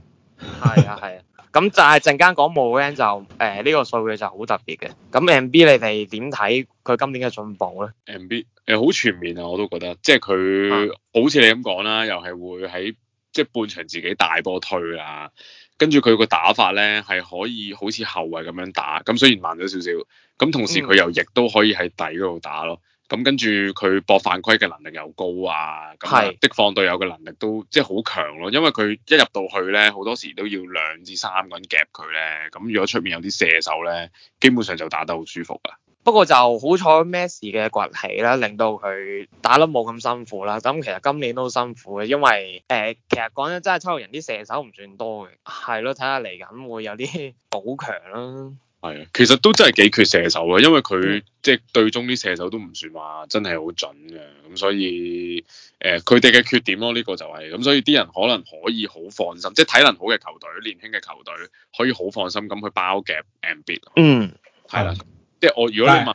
Speaker 1: 係啊，係
Speaker 3: 啊。咁、欸呢個、就係陣間講冇 e 就誒呢個數據就好特別嘅。咁 M B 你哋點睇佢今年嘅進步咧
Speaker 2: ？M B 誒，好全面啊，我都覺得，即係佢、嗯、好似你咁講啦，又係會喺即係半場自己大波退啊，跟住佢個打法咧係可以好似後衞咁樣打，咁雖然慢咗少少，咁同時佢又亦都可以喺底嗰度打咯。嗯。咁跟住佢搏犯規嘅能力又高啊，咁是的放隊友嘅能力都即係好強咯，因為佢一入到去咧，好多時都要兩至三個人夾佢咧，咁如果出面有啲射手咧，基本上就打得好舒服啊。
Speaker 3: 不過就好彩 Maxey 嘅崛起咧，令到佢打得冇咁辛苦啦。咁其實今年都辛苦嘅，因為誒、呃，其實講真，真係七六人啲射手唔算多嘅，係咯，睇下嚟緊會有啲好強啦。係啊，
Speaker 2: 其實都真係幾缺射手啊，因為佢即係對中啲射手都唔算話真係好準嘅，咁所以誒佢哋嘅缺點咯，呢、這個就係、是、咁，所以啲人可能可以好放心，即係體能好嘅球隊、年輕嘅球隊可以好放心咁去包夾 Embiid，嗯，係啦的，即係我如果你問。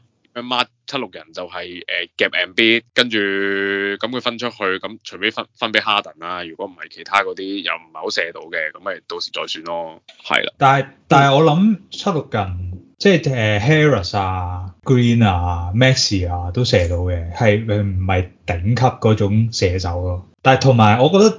Speaker 2: 七六人就係誒夾 MB，跟住咁佢分出去，咁除非分分俾哈登啦、啊，如果唔係其他嗰啲又唔係好射到嘅，咁咪到時再算咯。係啦，
Speaker 1: 但係但係我諗七六人，即係誒、呃、Harris 啊、Green 啊、Maxi 啊都射到嘅，係唔係頂級嗰種射手咯。但係同埋我覺得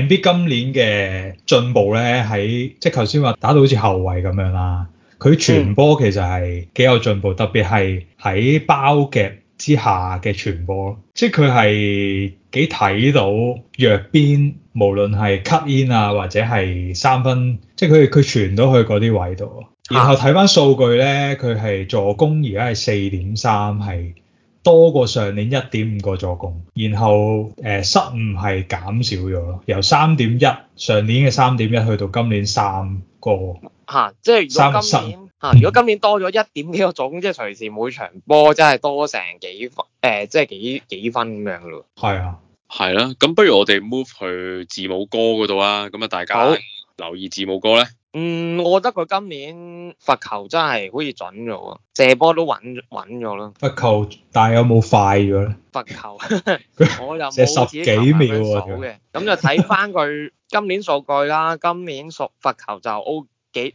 Speaker 1: MB 今年嘅進步咧，喺即係頭先話打到好似後衞咁樣啦。佢傳波其實係幾有進步，特別係喺包夾之下嘅傳波，即係佢係幾睇到弱邊，無論係吸煙啊或者係三分，即係佢佢傳到去嗰啲位度。然後睇翻數據咧，佢係助攻而家係四點三，係多過上年一點五個助攻。然後誒、呃、失誤係減少咗咯，由三點一上年嘅三點一去到今年三個。
Speaker 3: 吓、啊，即係如果今年吓 30.、啊，如果今年多咗一點幾個助攻，即係隨時每場波真係多成幾分，誒、呃，即係幾幾分咁樣咯。係啊，
Speaker 2: 係啦、啊，咁不如我哋 move 去字母哥嗰度啊，咁啊，大家留意字母哥咧。
Speaker 3: 好嗯，我覺得佢今年罰球真係好似準咗，啊，射波都穩穩咗咯。罰
Speaker 1: 球，但係有冇快咗咧？
Speaker 3: 罰佛球， <laughs> 我有冇自己十幾秒好、啊、嘅，咁就睇翻佢今年數據啦。今年數罰球就 O、OK。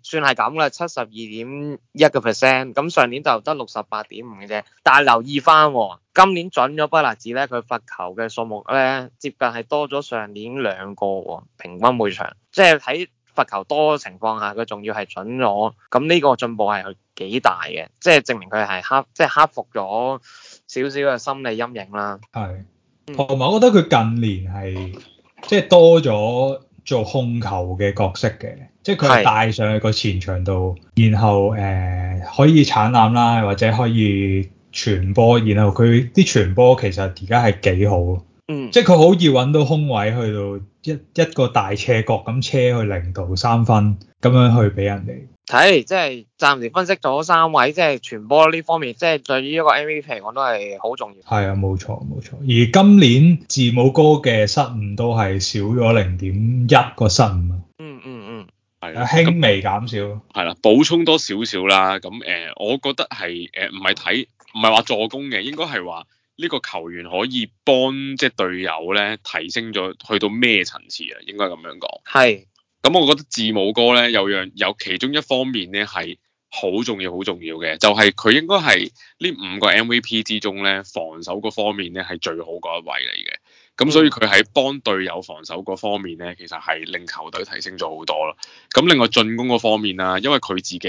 Speaker 3: 算係咁嘅，七十二點一個 percent，咁上年就得六十八點五嘅啫。但係留意翻，今年準咗不啦子咧，佢罰球嘅數目咧，接近係多咗上年兩個，平均每場。即係喺罰球多嘅情況下，佢仲要係準咗，咁呢個進步係幾大嘅，即係證明佢係克，即係克服咗少少嘅心理陰影啦。
Speaker 1: 係同埋，我覺得佢近年係即係多咗做控球嘅角色嘅。即係佢帶上去個前場度，是然後誒、呃、可以搶籃啦，或者可以傳波，然後佢啲傳波其實而家係幾好。嗯，即係佢好易揾到空位去到一一,一個大斜角咁車去零度三分咁樣去俾人
Speaker 3: 哋睇。即係暫時分析咗三位，即係傳波呢方面，即係對於一個 MVP 我都係好重要。
Speaker 1: 係啊，冇錯冇錯。而今年字母哥嘅失誤都係少咗零點一個失誤輕微
Speaker 2: 減少，係啦、嗯，補充多少少啦。咁誒、呃，我覺得係誒，唔係睇，唔係話助攻嘅，應該係話呢個球員可以幫即係隊友咧提升咗去到咩層次啊？應該咁樣講。係是，咁、嗯、我覺得字母哥咧有樣有其中一方面咧係好重要好重要嘅，就係、是、佢應該係呢五個 MVP 之中咧防守嗰方面咧係最好嗰一位嚟嘅。咁所以佢喺幫隊友防守嗰方面咧，其實係令球隊提升咗好多咯。咁另外進攻嗰方面啦，因為佢自己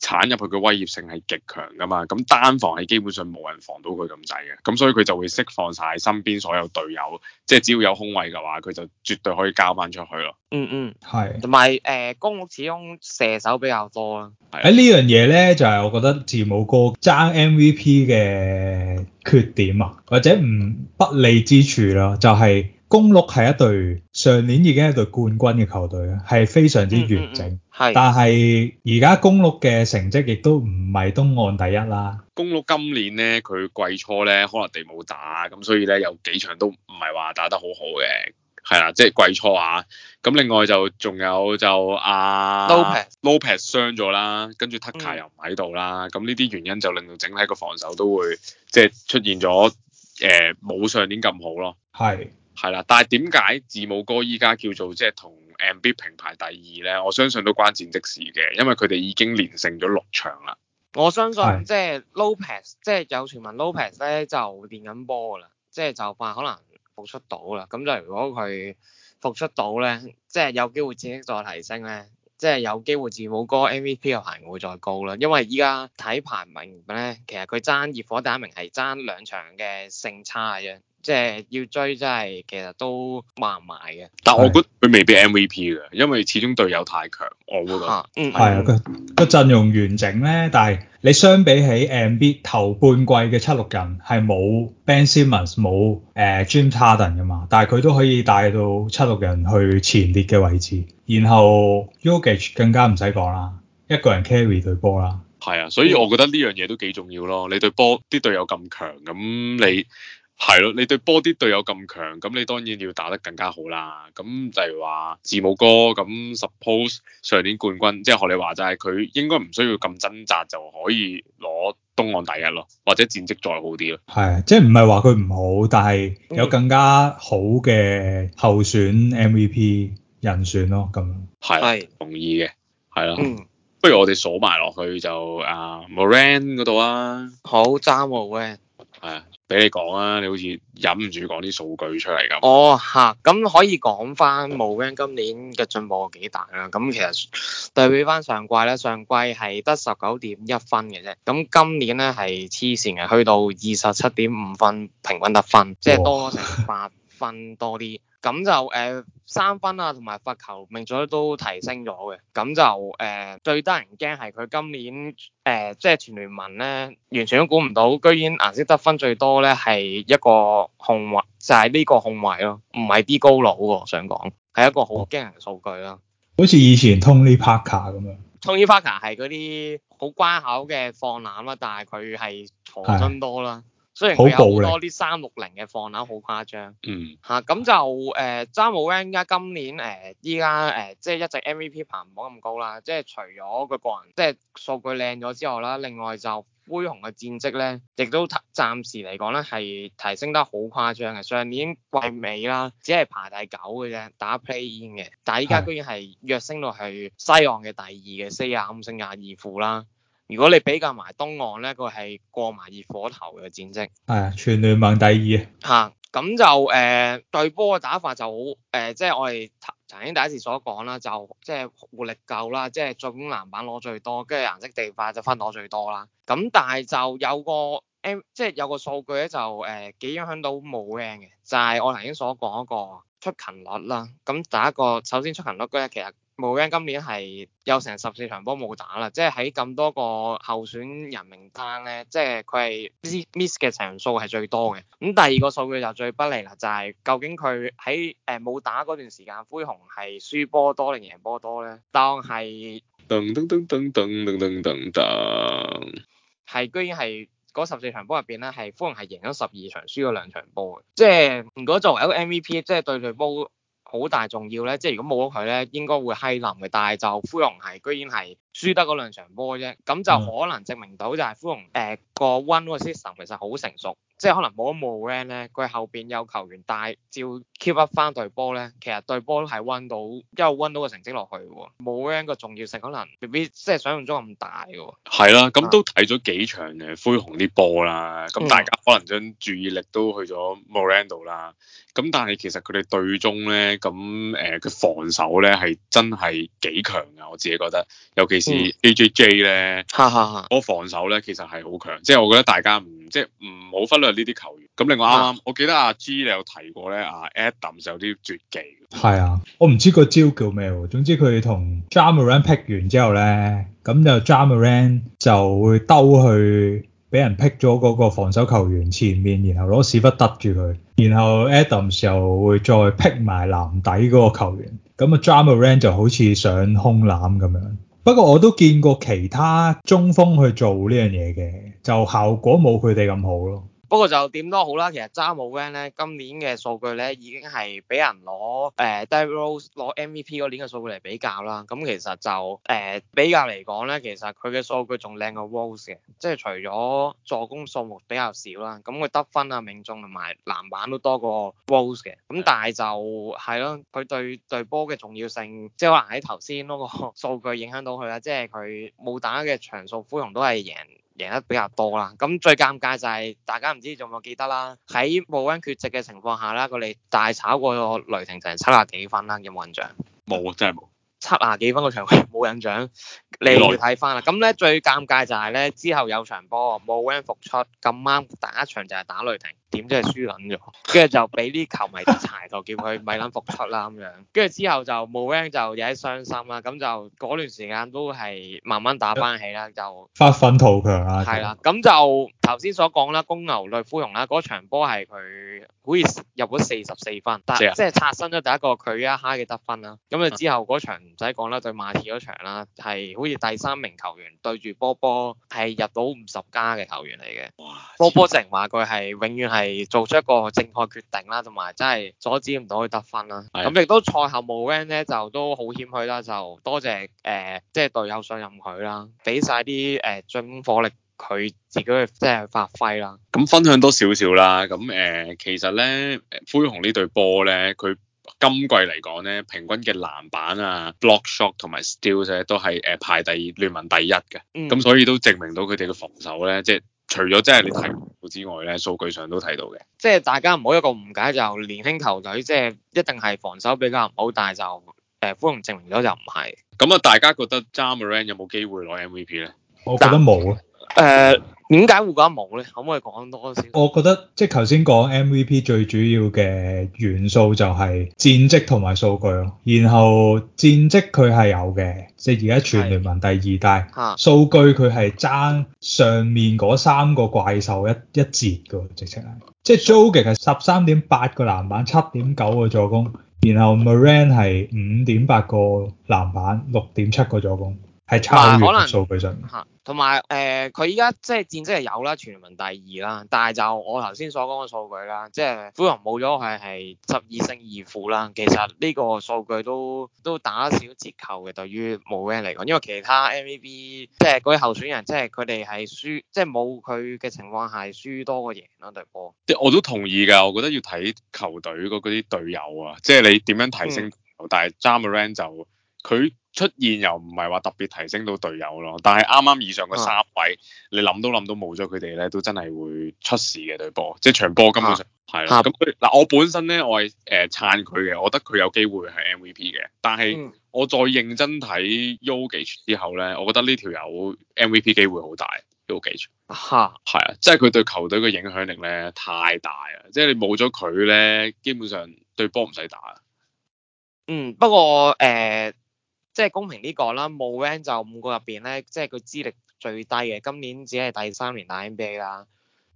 Speaker 2: 鏟入去嘅威脅性係極強噶嘛，咁單防係基本上冇人防到佢咁滯嘅。咁所以佢就會釋放晒身邊所有隊友，即係只要有空位嘅話，佢就絕對可以交翻出去咯。嗯嗯，係
Speaker 3: 同埋誒，公鹿始終射手比較多啦。
Speaker 1: 喺的的呢樣嘢咧，就係、是、我覺得字母哥爭 MVP 嘅。缺點啊，或者唔不利之處咯，就係、是、公鹿係一隊上年已經係一隊冠軍嘅球隊，係非常之完整。係、嗯嗯，但係而家公鹿嘅成績亦都唔係東岸第一啦。
Speaker 2: 公鹿今年咧，佢季初咧可能地冇打，咁所以咧有幾場都唔係話打得好好嘅。係啦，即係季初啊，咁另外就仲有就阿 Lopez Lopez 傷咗啦，跟住 Tucker、嗯、又唔喺度啦，咁呢啲原因就令到整體個防守都會即係出現咗誒冇上年咁好咯。係係啦，但係點解字母哥依家叫做即係同 Embiid 平排第二咧？我相信都關戰績事嘅，因為佢哋已經連勝咗六場啦。
Speaker 3: 我相信即係 Lopez，即係有傳聞 Lopez 咧就練緊波噶啦，即係就話、是、可能。復出到啦，咁就如果佢復出到咧，即係有機會戰績再提升咧，即係有機會字母哥 MVP 嘅排名會再高啦，因為依家睇排名咧，其實佢爭熱火第一名係爭兩場嘅勝差啫。即係要追真，真係其實都話唔埋嘅。
Speaker 2: 但係我估佢未必 MVP 嘅，因為始終隊友太強。我估、啊，嗯，係啊
Speaker 1: 的，個陣、嗯、容完整咧。但係你相比起 m b 頭半季嘅七六人係冇 Ben Simmons 冇誒、呃、James Harden 噶嘛，但係佢都可以帶到七六人去前列嘅位置。然後 Jokic，更加唔使講啦，一個人 carry 隊波啦。
Speaker 2: 係啊，所以我覺得呢樣嘢都幾重要咯。你對波啲隊友咁強，咁你。係咯，你對波啲隊友咁強，咁你當然要打得更加好啦。咁就係話字母哥咁，suppose 上年冠軍，即係學你話齋，佢應該唔需要咁掙扎就可以攞東岸第一咯，或者戰績再
Speaker 1: 好啲咯。係，即係唔係話佢唔好，但係有更加好嘅候選 MVP 人選咯。咁
Speaker 2: 樣係，啊、是同意嘅，係咯、啊。嗯、不如我哋數埋落去就阿 Moran 嗰度啊。啊好，Jamal。係俾、啊、你講啊，你好似忍唔住講啲數據出嚟咁。
Speaker 3: 哦，吓、啊，咁、嗯、可以講翻冇疆今年嘅進步幾大啦。咁其實對比翻上季咧，上季係得十九點一分嘅啫。咁今年咧係黐線嘅，去到二十七點五分平均得分，即係、哦、多成八分多啲。 <laughs> 咁就誒、呃、三分啊，同埋罰球命中率都提升咗嘅。咁就誒、呃、最得人驚係佢今年誒、呃、即係全聯盟咧，完全都估唔到，居然顏色得分最多咧係一個控衛，就係、是、呢個控衛咯，唔係啲高佬喎。我想講係一個好驚人嘅數據咯。
Speaker 1: 好似以前 Tony
Speaker 3: Parker 咁樣，Tony Parker 係嗰啲好關口嘅放籃啦，但係佢係藏新多啦。雖然有好多啲三六零嘅放膽好誇張，嗯嚇咁、啊、就誒 Ja Morant 依家今年誒依家誒即係一直 MVP 排行榜咁高啦，即係除咗佢個人即係數據靚咗之後啦，另外就灰熊嘅戰績咧，亦都暫時嚟講咧係提升得好誇張嘅。上年季尾啦，只係排第九嘅啫，打 Play In 嘅，但係依家居然係躍升到係西岸嘅第二嘅四廿五勝廿二負啦。如果你比較埋東岸咧，佢係過埋熱火頭嘅戰績，
Speaker 1: 係、哎、全聯盟第二。
Speaker 3: 吓、啊，咁就誒、呃、對波嘅打法就好，誒即係我哋曾經第一次所講啦，就即係、就是、活力夠啦，即係進攻籃板攞最多，跟住顏色地化就分攞最多啦。咁但係就有個 M，即係有個數據咧就誒、呃、幾影響到冇 Win 嘅，就係、是、我頭先所講一個出勤率啦。咁第一個首先出勤率嗰咧，其實。無人今年係有成十四場波冇打啦，即係喺咁多個候選人名單咧，即係佢係 miss 嘅場數係最多嘅。咁第二個數據就最不利啦，就係究竟佢喺誒冇打嗰段時間，灰熊係輸波多定贏波多咧？當係噔噔噔
Speaker 2: 噔噔噔噔噔，
Speaker 3: 係居然係嗰十四場波入邊咧，係灰熊係贏咗十二場，輸咗兩場波嘅。即係如果作為一個 MVP，即係對佢波。好大重要咧，即係如果冇咗佢咧，應該會閪冧嘅。但係就灰熊係居然係輸得嗰兩場波啫，咁就可能證明到就係灰熊誒個 one system 其實好成熟。即係可能冇咗莫蘭咧，佢後邊有球員帶，照 keep up 翻隊波咧，其實隊波都係溫到，因為溫到個成績落去喎。MoRan 個重要性可能未必即係想象中咁大喎。
Speaker 2: 係啦、嗯，咁都睇咗幾場嘅灰熊啲波啦，咁大家可能將注意力都去咗 MoRan 度啦。咁但係其實佢哋隊中咧，咁誒佢防守咧係真係幾強嘅，我自己覺得，尤其是 AJJ 咧，嗰、嗯、 <laughs> 防守咧其實係好強，即係我覺得大家唔。即係唔好忽略呢啲球員。咁另外啱啱，啊、我記得阿 G 你有提過咧，阿、啊、Adams 有啲絕技。
Speaker 1: 係啊，我唔知個招叫咩喎。總之佢同 Ja Morant pick 完之後咧，咁就 Ja Morant 就會兜去俾人 pick 咗嗰個防守球員前面，然後攞屎忽揼住佢，然後 Adams 又會再 pick 埋籃底嗰個球員。咁啊，Ja Morant 就好似上空籃咁樣。不過我都見過其他中鋒去做呢樣嘢嘅，就效果冇佢哋咁好咯。
Speaker 3: 不過就點都好啦，其實 Ja Morant 咧，今年嘅數據咧，已經係俾人攞誒 Derrick Rose 攞 MVP 嗰年嘅數據嚟比較啦。咁、嗯、其實就誒、呃、比較嚟講咧，其實佢嘅數據仲靚過 Rose 嘅，即係除咗助攻數目比較少啦，咁、嗯、佢得分啊、命中同埋籃板都多過 Rose 嘅。咁但係就係咯，佢對對波嘅重要性，即係可能喺頭先嗰個數據影響到佢啦。即係佢冇打嘅場數灰熊都係贏。贏得比較多啦，咁最尷尬就係、是、，大家唔知仲有冇記得啦。喺 Morant 缺席嘅情況下啦，佢哋大炒過雷霆成七廿幾分啦，有冇印象？冇，真係冇七廿幾分嗰場冇印象，你要睇翻啦。咁咧最尷尬就係、是、咧，之後有場波 Morant 復出，咁啱第一場就係打雷霆。點知係輸緊咗，跟住就俾啲球迷柴台叫佢咪諗復出啦咁樣，跟住之後就冇 o a n 就有啲傷心啦，咁就嗰段時間都係慢慢打翻起啦，就
Speaker 1: 發奮圖強啦、啊。係啦，
Speaker 3: 咁就頭先所講啦，公牛對灰熊啦，嗰場波係佢好似入咗四十四分，即係刷新咗第一個佢一哈嘅得分啦。咁啊之後嗰場唔使講啦，對馬刺嗰場啦，係好似第三名球員對住波波係入到五十加嘅球員嚟嘅。波波成日話佢係永遠係。係做出一個正確決定啦，同埋真係阻止唔到佢得分啦。咁亦的都賽後 Morant 咧，就都好謙虛啦，就多謝誒、呃，即係隊友信任佢啦，俾晒啲誒進攻火力佢自己去即係發揮啦。
Speaker 2: 咁分享多少少啦，咁誒、呃、其實咧，灰熊隊呢隊波咧，佢今季嚟講咧，平均嘅籃板啊、block shot 同埋 steals 都係誒排第二聯盟第一嘅。咁、嗯、所以都證明到佢哋嘅防守咧，即係。除咗即係你睇到之外咧，數據上都睇到嘅。
Speaker 3: 即係大家唔好一個誤解，就年輕球隊即係一定係防守比較唔好，大，就、呃、誒，灰熊證明咗就唔係。咁啊，大家覺得 Ja Morant 有冇機會攞 MVP 咧？
Speaker 1: 我覺得冇咧。
Speaker 3: 誒，點解會覺得冇咧？可唔可以講多啲？
Speaker 1: 我覺得即係頭先講 MVP 最主要嘅元素就係戰績同埋數據咯。然後戰績佢係有嘅，即係而家全聯盟第二，但係數據佢係爭上面嗰三個怪獸一一截嘅，直情係。即係 Jokic 係十三點八個籃板，七點九個助攻，然後 Morant 係五點八個籃板，六點七個助攻。係差遠數據上
Speaker 3: 吓，同埋誒，佢依家即係戰績係有啦，全聯盟第二啦。但係就我頭先所講嘅數據啦，即係灰熊冇咗佢係十二勝二負啦。其實呢個數據都都打少折扣嘅，對於 Morant 嚟講，因為其他 MVP 即係嗰啲候選人，即係佢哋係輸，即係冇佢嘅情況下輸多過贏咯，對波。
Speaker 2: 即係我都同意噶，我覺得要睇球隊嗰啲隊友啊，即係你點樣提升球。嗯、但係 Ja Morant 就。佢出現又唔係話特別提升到隊友咯，但係啱啱以上個三位，啊、你諗都諗到冇咗佢哋咧，都真係會出事嘅隊波，即係場波根本上係啦。咁嗱，我本身咧我係誒撐佢嘅，我、呃、我覺得佢有機會係 MVP 嘅。但係我再認真睇 Jokic 之後咧，我覺得呢條友 MVP 機會好大。Jokic 吓係啊，即係佢對球隊嘅影響力咧太大啦，即係你冇咗佢咧，基本上隊波唔使打啦。嗯，
Speaker 3: 不過誒。呃即係公平呢、這個啦，冇 rank 就五個入邊咧，即係佢資歷最低嘅，今年只係第三年打 NBA 啦。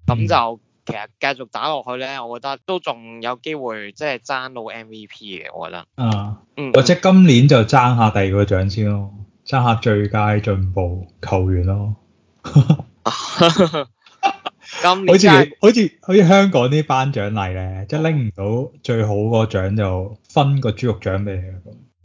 Speaker 3: 咁、嗯、就其實繼續打落去咧，我覺得都仲有機會，即係爭到 MVP 嘅，我覺得、啊。嗯，
Speaker 1: 嗯，或者今年就爭下第二個獎先咯，爭下最佳進步球員咯。 <laughs> <laughs> 今年就好似好似好似香港啲頒獎禮咧，即係拎唔到最好個獎就分個豬肉獎俾佢。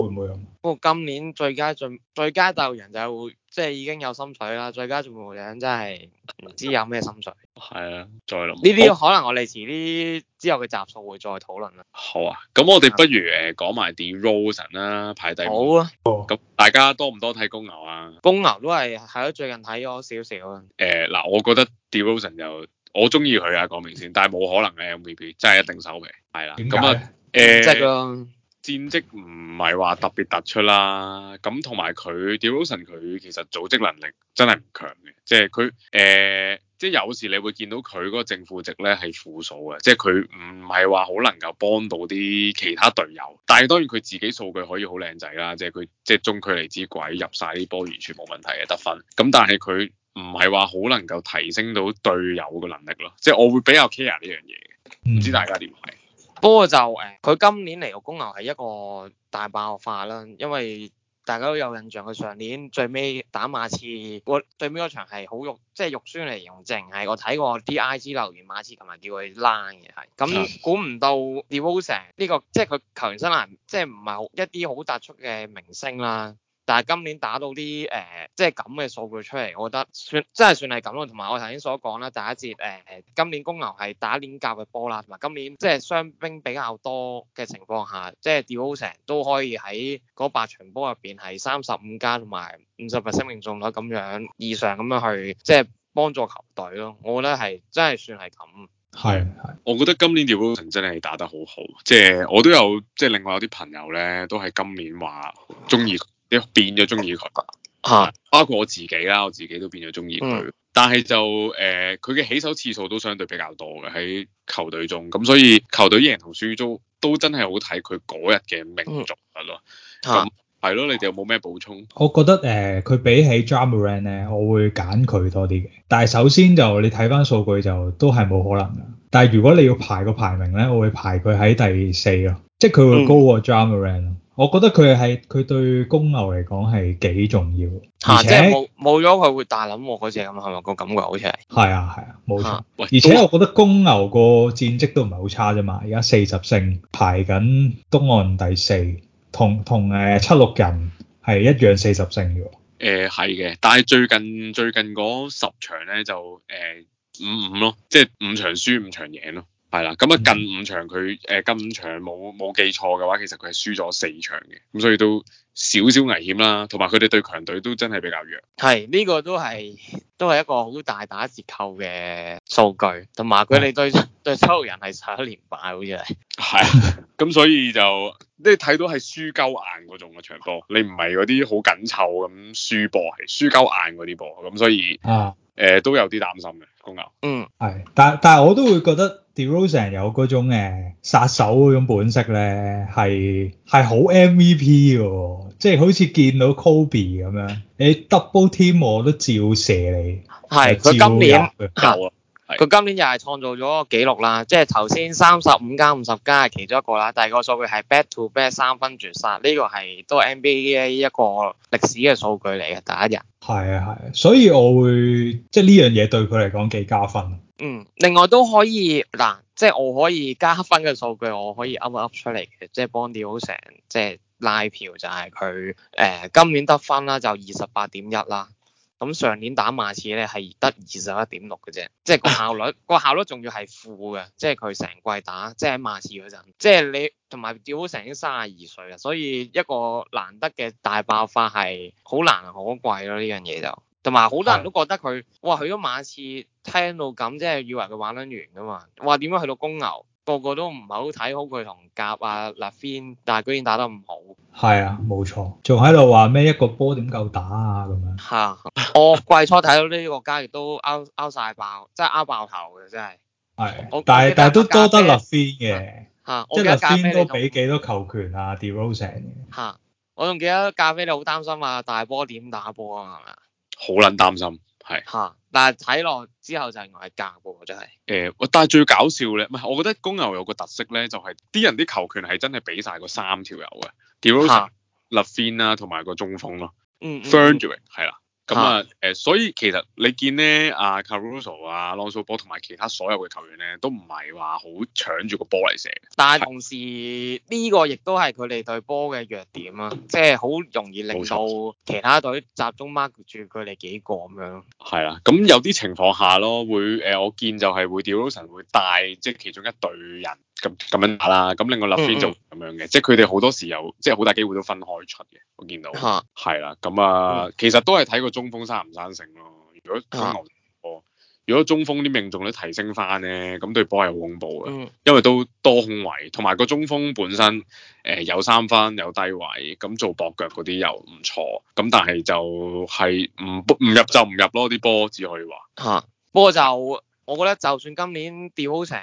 Speaker 1: 會唔
Speaker 3: 會咁？不過今年最佳最最佳鬥人就即係已經有心水啦。最佳進步人真係唔知有咩心水。係啊，再諗呢啲可能我哋遲啲之後嘅集數會再討論啦。
Speaker 2: <laughs> 好啊，咁我哋不如誒講埋 DeRozan 啦，排第五。好啊，咁 <laughs> 大家多唔多睇公牛啊？公牛
Speaker 3: 都係係咯，最近睇咗少少啊。
Speaker 2: 誒嗱、呃，我覺得 DeRozan 就我中意佢啊，講明先，但係冇可能嘅 MVP，真係一定守備係啦。點啊，誒，呃、即係戰績唔係話特別突出啦，咁同埋佢 DeRozan 佢其實組織能力真係唔強嘅，即係呃，即係佢誒，即係有時你會見到佢嗰個正負值咧係負數嘅，即係佢唔係話好能夠幫到啲其他隊友。但係當然佢自己數據可以好靚仔啦，即係佢即係中距離之鬼入晒啲波完全冇問題嘅得分。咁但係佢唔係話好能夠提升到隊友嘅能力咯，即係我會比較 care 呢樣嘢，唔知大家點睇？
Speaker 3: 不過就誒、是，佢今年嚟個公牛係一個大爆發啦，因為大家都有印象，佢上年最尾打馬刺，我最尾嗰場係好肉，即、就、係、是、肉酸嚟用淨係，我睇過啲 IG 留言馬刺同埋叫佢躝嘅係，咁估唔到 Devotion 呢個，即係佢球員生涯即係唔係好一啲好突出嘅明星啦。但係今年打到啲誒、呃，即係咁嘅數據出嚟，我覺得算真係算係咁咯。同埋我頭先所講啦，第一節誒、呃，今年公牛係打鏈甲嘅波啦，同埋今年即係傷兵比較多嘅情況下，即係 DeRozan 都可以喺嗰八場波入邊係三十五加同埋五十 percent 命中率咁樣，以上咁樣去即係幫助球隊咯。我覺得係真係算係咁。係
Speaker 2: 係，我覺得今年 DeRozan 真係打得好好，即、就、係、是、我都有即係、就是、另外有啲朋友咧，都係今年話鍾意。你變咗中意佢啊，包括我自己啦，我自己都變咗中意佢。嗯、但係就誒，佢、呃、嘅起手次數都相對比較多嘅喺球隊中，咁所以球隊贏同輸都都真係好睇佢嗰日嘅命局咯。咁係咯，你哋有冇咩補充？
Speaker 1: 嗯、我覺得誒，佢、呃、比起 Ja Morant 咧，我會揀佢多啲嘅。但係首先就你睇翻數據就都係冇可能嘅。但係如果你要排個排名咧，我會排佢喺第四啊，即係佢會高過 Ja Morant 我覺得佢係佢對公牛嚟講係幾重要，嚇、啊，即係冇
Speaker 3: 冇咗佢會大冧喎嗰隻咁，係咪個感覺好？好似係係啊係啊冇錯，錯啊、而且、啊、我覺得
Speaker 1: 公牛個戰績都唔係好差啫嘛，而家四十勝排緊東岸第四，同同誒七六人係一樣四十勝嘅，
Speaker 2: 誒係嘅，但係最近最近嗰十場咧就誒、呃、五五咯、哦，即係五場輸五場贏咯。係啦，咁啊近五場佢誒近五場冇冇記錯嘅話，其實佢係輸咗四場嘅，咁所以都少少危險啦。同埋佢哋對強隊都真係比較弱。
Speaker 3: 係呢、這個都係都係一個好大打折扣嘅數據，同埋佢哋對 <laughs> 對七六人係差一連敗好似係。係咁對 <laughs> 所以就即係
Speaker 2: 睇到係輸鳩硬嗰種嘅場波，你唔係嗰啲好緊湊咁輸波，係輸鳩硬嗰啲波，咁所以誒、啊呃、都有啲擔心嘅，公牛。
Speaker 1: 嗯，係，但但係我都會覺得。Derozan 有嗰種誒殺手嗰種本色咧，係係好 MVP 嘅，即係好似見到 Kobe 咁樣，你 double team 我都照射你。係佢是今年，
Speaker 3: 佢 <laughs> 今年又係創造咗紀錄啦，即係頭先三十五加五十加係其中一個啦，第二個數據係 back to back 三分絕殺，呢、這個係都 NBA 一個歷史嘅數據嚟嘅第一日。係啊
Speaker 1: 係啊，所以我會即係呢樣嘢對佢嚟講幾加分。
Speaker 3: 嗯，另外都可以嗱，即係我可以加分嘅數據，我可以 up up 出嚟嘅，即係 DeRozan，即係拉票就係佢誒今年得分啦，就二十八點一啦，咁上年打馬刺咧係得二十一點六嘅啫，即係個效率 <laughs> 個效率仲要係負嘅，即係佢成季打即係喺馬刺嗰陣，即係你同埋 DeRozan 三十二歲啊，所以一個難得嘅大爆發係好難可貴咯，呢樣嘢就。同埋好多人都覺得佢，是的 哇！去咗馬刺聽到咁，即係以為佢玩得完㗎嘛。哇！點樣去到公牛，個個都唔係好睇好佢同甲啊，拉芬，但係居然打得唔好。
Speaker 1: 係啊，冇錯，仲喺度話咩一個波點夠打啊咁樣。
Speaker 3: 嚇！我季初睇到呢個交易都拗拗晒爆，即係拗爆頭嘅真係。係的。但係但係都多得拉
Speaker 1: 芬嘅。
Speaker 3: 嚇的！即係拉芬都俾
Speaker 1: 幾多球權啊 Derozan
Speaker 3: 嘅。我仲記得咖啡你好擔心啊，大波點打波啊，係咪？
Speaker 1: 好卵擔心，
Speaker 3: 係吓，但係睇落之後就係外夾喎，真係。
Speaker 1: 誒、欸，但
Speaker 2: 係最搞笑咧，唔係，我覺得公牛有個特色咧、就是，就係啲人啲球權係真係俾晒嗰三條友嘅，屌立哈拉芬啦，同埋個中鋒咯、嗯，嗯 Fernandez 係啦。咁啊，誒，所以其實你見咧，阿 Caruso 啊、朗素波同埋其他所有嘅球員咧，都唔係話好搶住個波嚟射，
Speaker 3: 但係同時呢個亦都係佢哋隊波嘅弱點啊，即係好容易令到其他隊集中 mark 住佢哋幾個咁樣，
Speaker 2: 係啦，咁有啲情況下咯，會誒、呃、我見就係會 Dilson 會帶即係其中一隊人。咁咁樣打啦，咁另外立菲就咁樣嘅，嗯、即係佢哋好多時候有，即係好大機會都分開出嘅，我見到，係啦哈，咁啊，嗯嗯、其實都係睇個中鋒生唔生性咯。如果打哈如果中鋒啲命中率提升翻咧，咁對波係好恐怖嘅，嗯、因為都多空位，同埋個中鋒本身誒、呃、有三分有低位，咁做搏腳嗰啲又唔錯，咁但係就係唔唔入就唔入咯，啲波只可以話。吓，
Speaker 3: 不過就我覺得就算今年掉好成。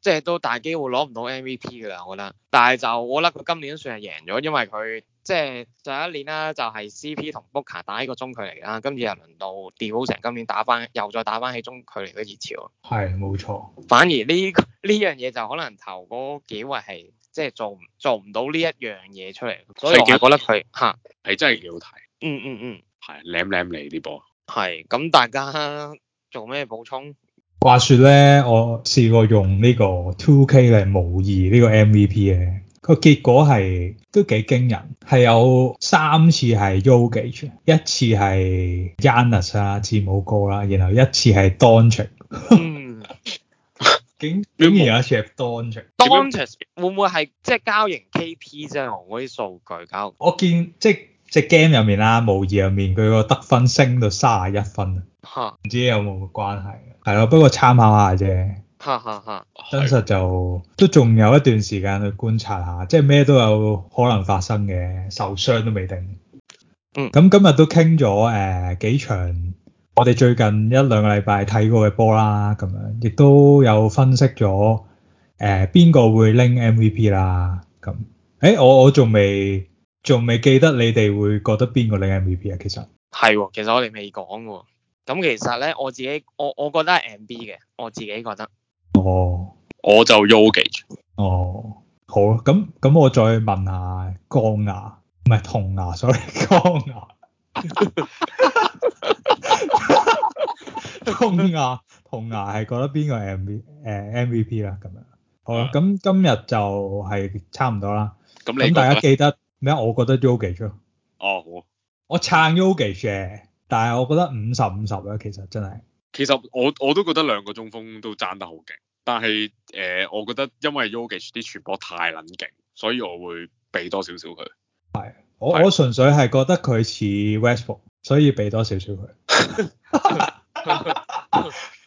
Speaker 3: 即係都大機會攞唔到 MVP 噶啦，我覺得。但係就我覺得佢今年算係贏咗，因為佢即係上一年啦，就係、是、CP 同 Booker 打呢個中距離啦。跟住又輪到 Dewol 成今年打翻，又再打翻起中距離嘅熱潮。
Speaker 1: 係冇錯。錯
Speaker 3: 反而呢呢樣嘢就可能頭嗰幾位係即係做做唔到呢一樣嘢出嚟，所以我係覺得佢吓，係真係幾好睇、嗯。嗯嗯嗯，係舐舐嚟呢波。係咁，大家做咩補充？
Speaker 1: 話說咧，我試過用個呢個 Two K 嚟模擬呢個 MVP 咧，個結果係都幾驚人，係有三次係 Jokic，一次係 Yannis 啊字母哥啦，然後一次係 Donchik，嗯，竟竟然有一次係
Speaker 3: Donchik，Donchik 會唔會係即係交型 KP 啫？我啲數據交，
Speaker 1: 我見即係。即係 game 入面啦，模擬入面佢個得分升到三十一分啊，唔知有冇關係？係咯，不過參考下啫。嚇嚇嚇！真實就都仲有一段時間去觀察下，即係咩都有可能發生嘅，受傷都未定。嗯，咁今日都傾咗誒幾場，我哋最近一兩個禮拜睇過嘅波啦，咁樣亦都有分析咗誒邊個會拎 MVP 啦。咁、欸，誒我我仲未。仲未記得，你哋會覺得邊個你 M V P 啊？其實
Speaker 3: 係，其實我哋未講嘅。咁其實咧，我自己我我覺得係 M B 嘅，我自己覺得
Speaker 1: 哦。我就 Jokic 哦。好啦，咁咁我再問下江牙，唔係銅牙，sorry 江牙銅牙，銅牙係覺得邊個 M B 誒 M V P 啦？咁樣好啦，咁今日就係差唔多啦。咁你咁大家記得。咩？我覺得 Jokic 出？哦，好。我撐 Jokic 嘅，但係我覺得五十五十咧，其實真係。
Speaker 2: 其實我我都覺得兩個中鋒都爭得好勁，但係誒、呃，我覺得因為 Jokic 啲傳波太撚勁，所以我會俾多少少佢。
Speaker 1: 係，我是我純粹係覺得佢似 Westbrook，所以俾多少少佢。 <laughs> <laughs>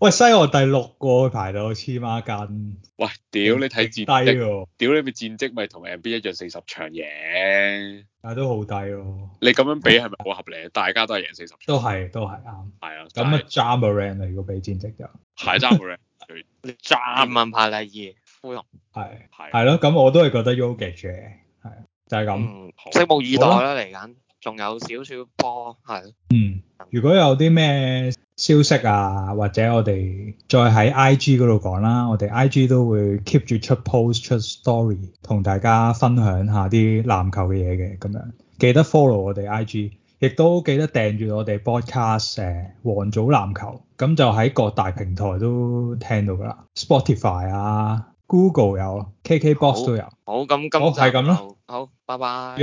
Speaker 1: 喂，西俄第六個排到黐孖筋。
Speaker 2: 喂，屌你睇戰績，屌你咪戰績咪同 MB 一樣四十場贏，
Speaker 1: 但係都好低咯。
Speaker 2: 你咁樣比係咪好合理？
Speaker 3: 大家都係贏四十場，都係都係啱。係啊，咁乜
Speaker 1: Ja Morant 啊？如果比戰績就
Speaker 3: 係 Ja Morant 最，暫問排第二，灰熊係
Speaker 1: 係係咯。咁我都係覺得 Jokic
Speaker 3: 嘅，係就係咁，拭目以待啦，嚟緊。仲有少
Speaker 1: 少波，係嗯。如果有啲咩消息啊，或者我哋再喺 I G 嗰度講啦，我哋 I G 都會 keep 住出 post 出 story，同大家分享下啲籃球嘅嘢嘅咁樣。記得 follow 我哋 I G，亦都記得訂住我哋 podcast a、欸、誒，王祖籃球咁就喺各大平台都聽到噶啦，Spotify 啊、Google 有、KK Box 都有。
Speaker 3: 好，咁，今日好係咁咯。好，拜拜。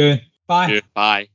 Speaker 3: 拜，拜、拜拜。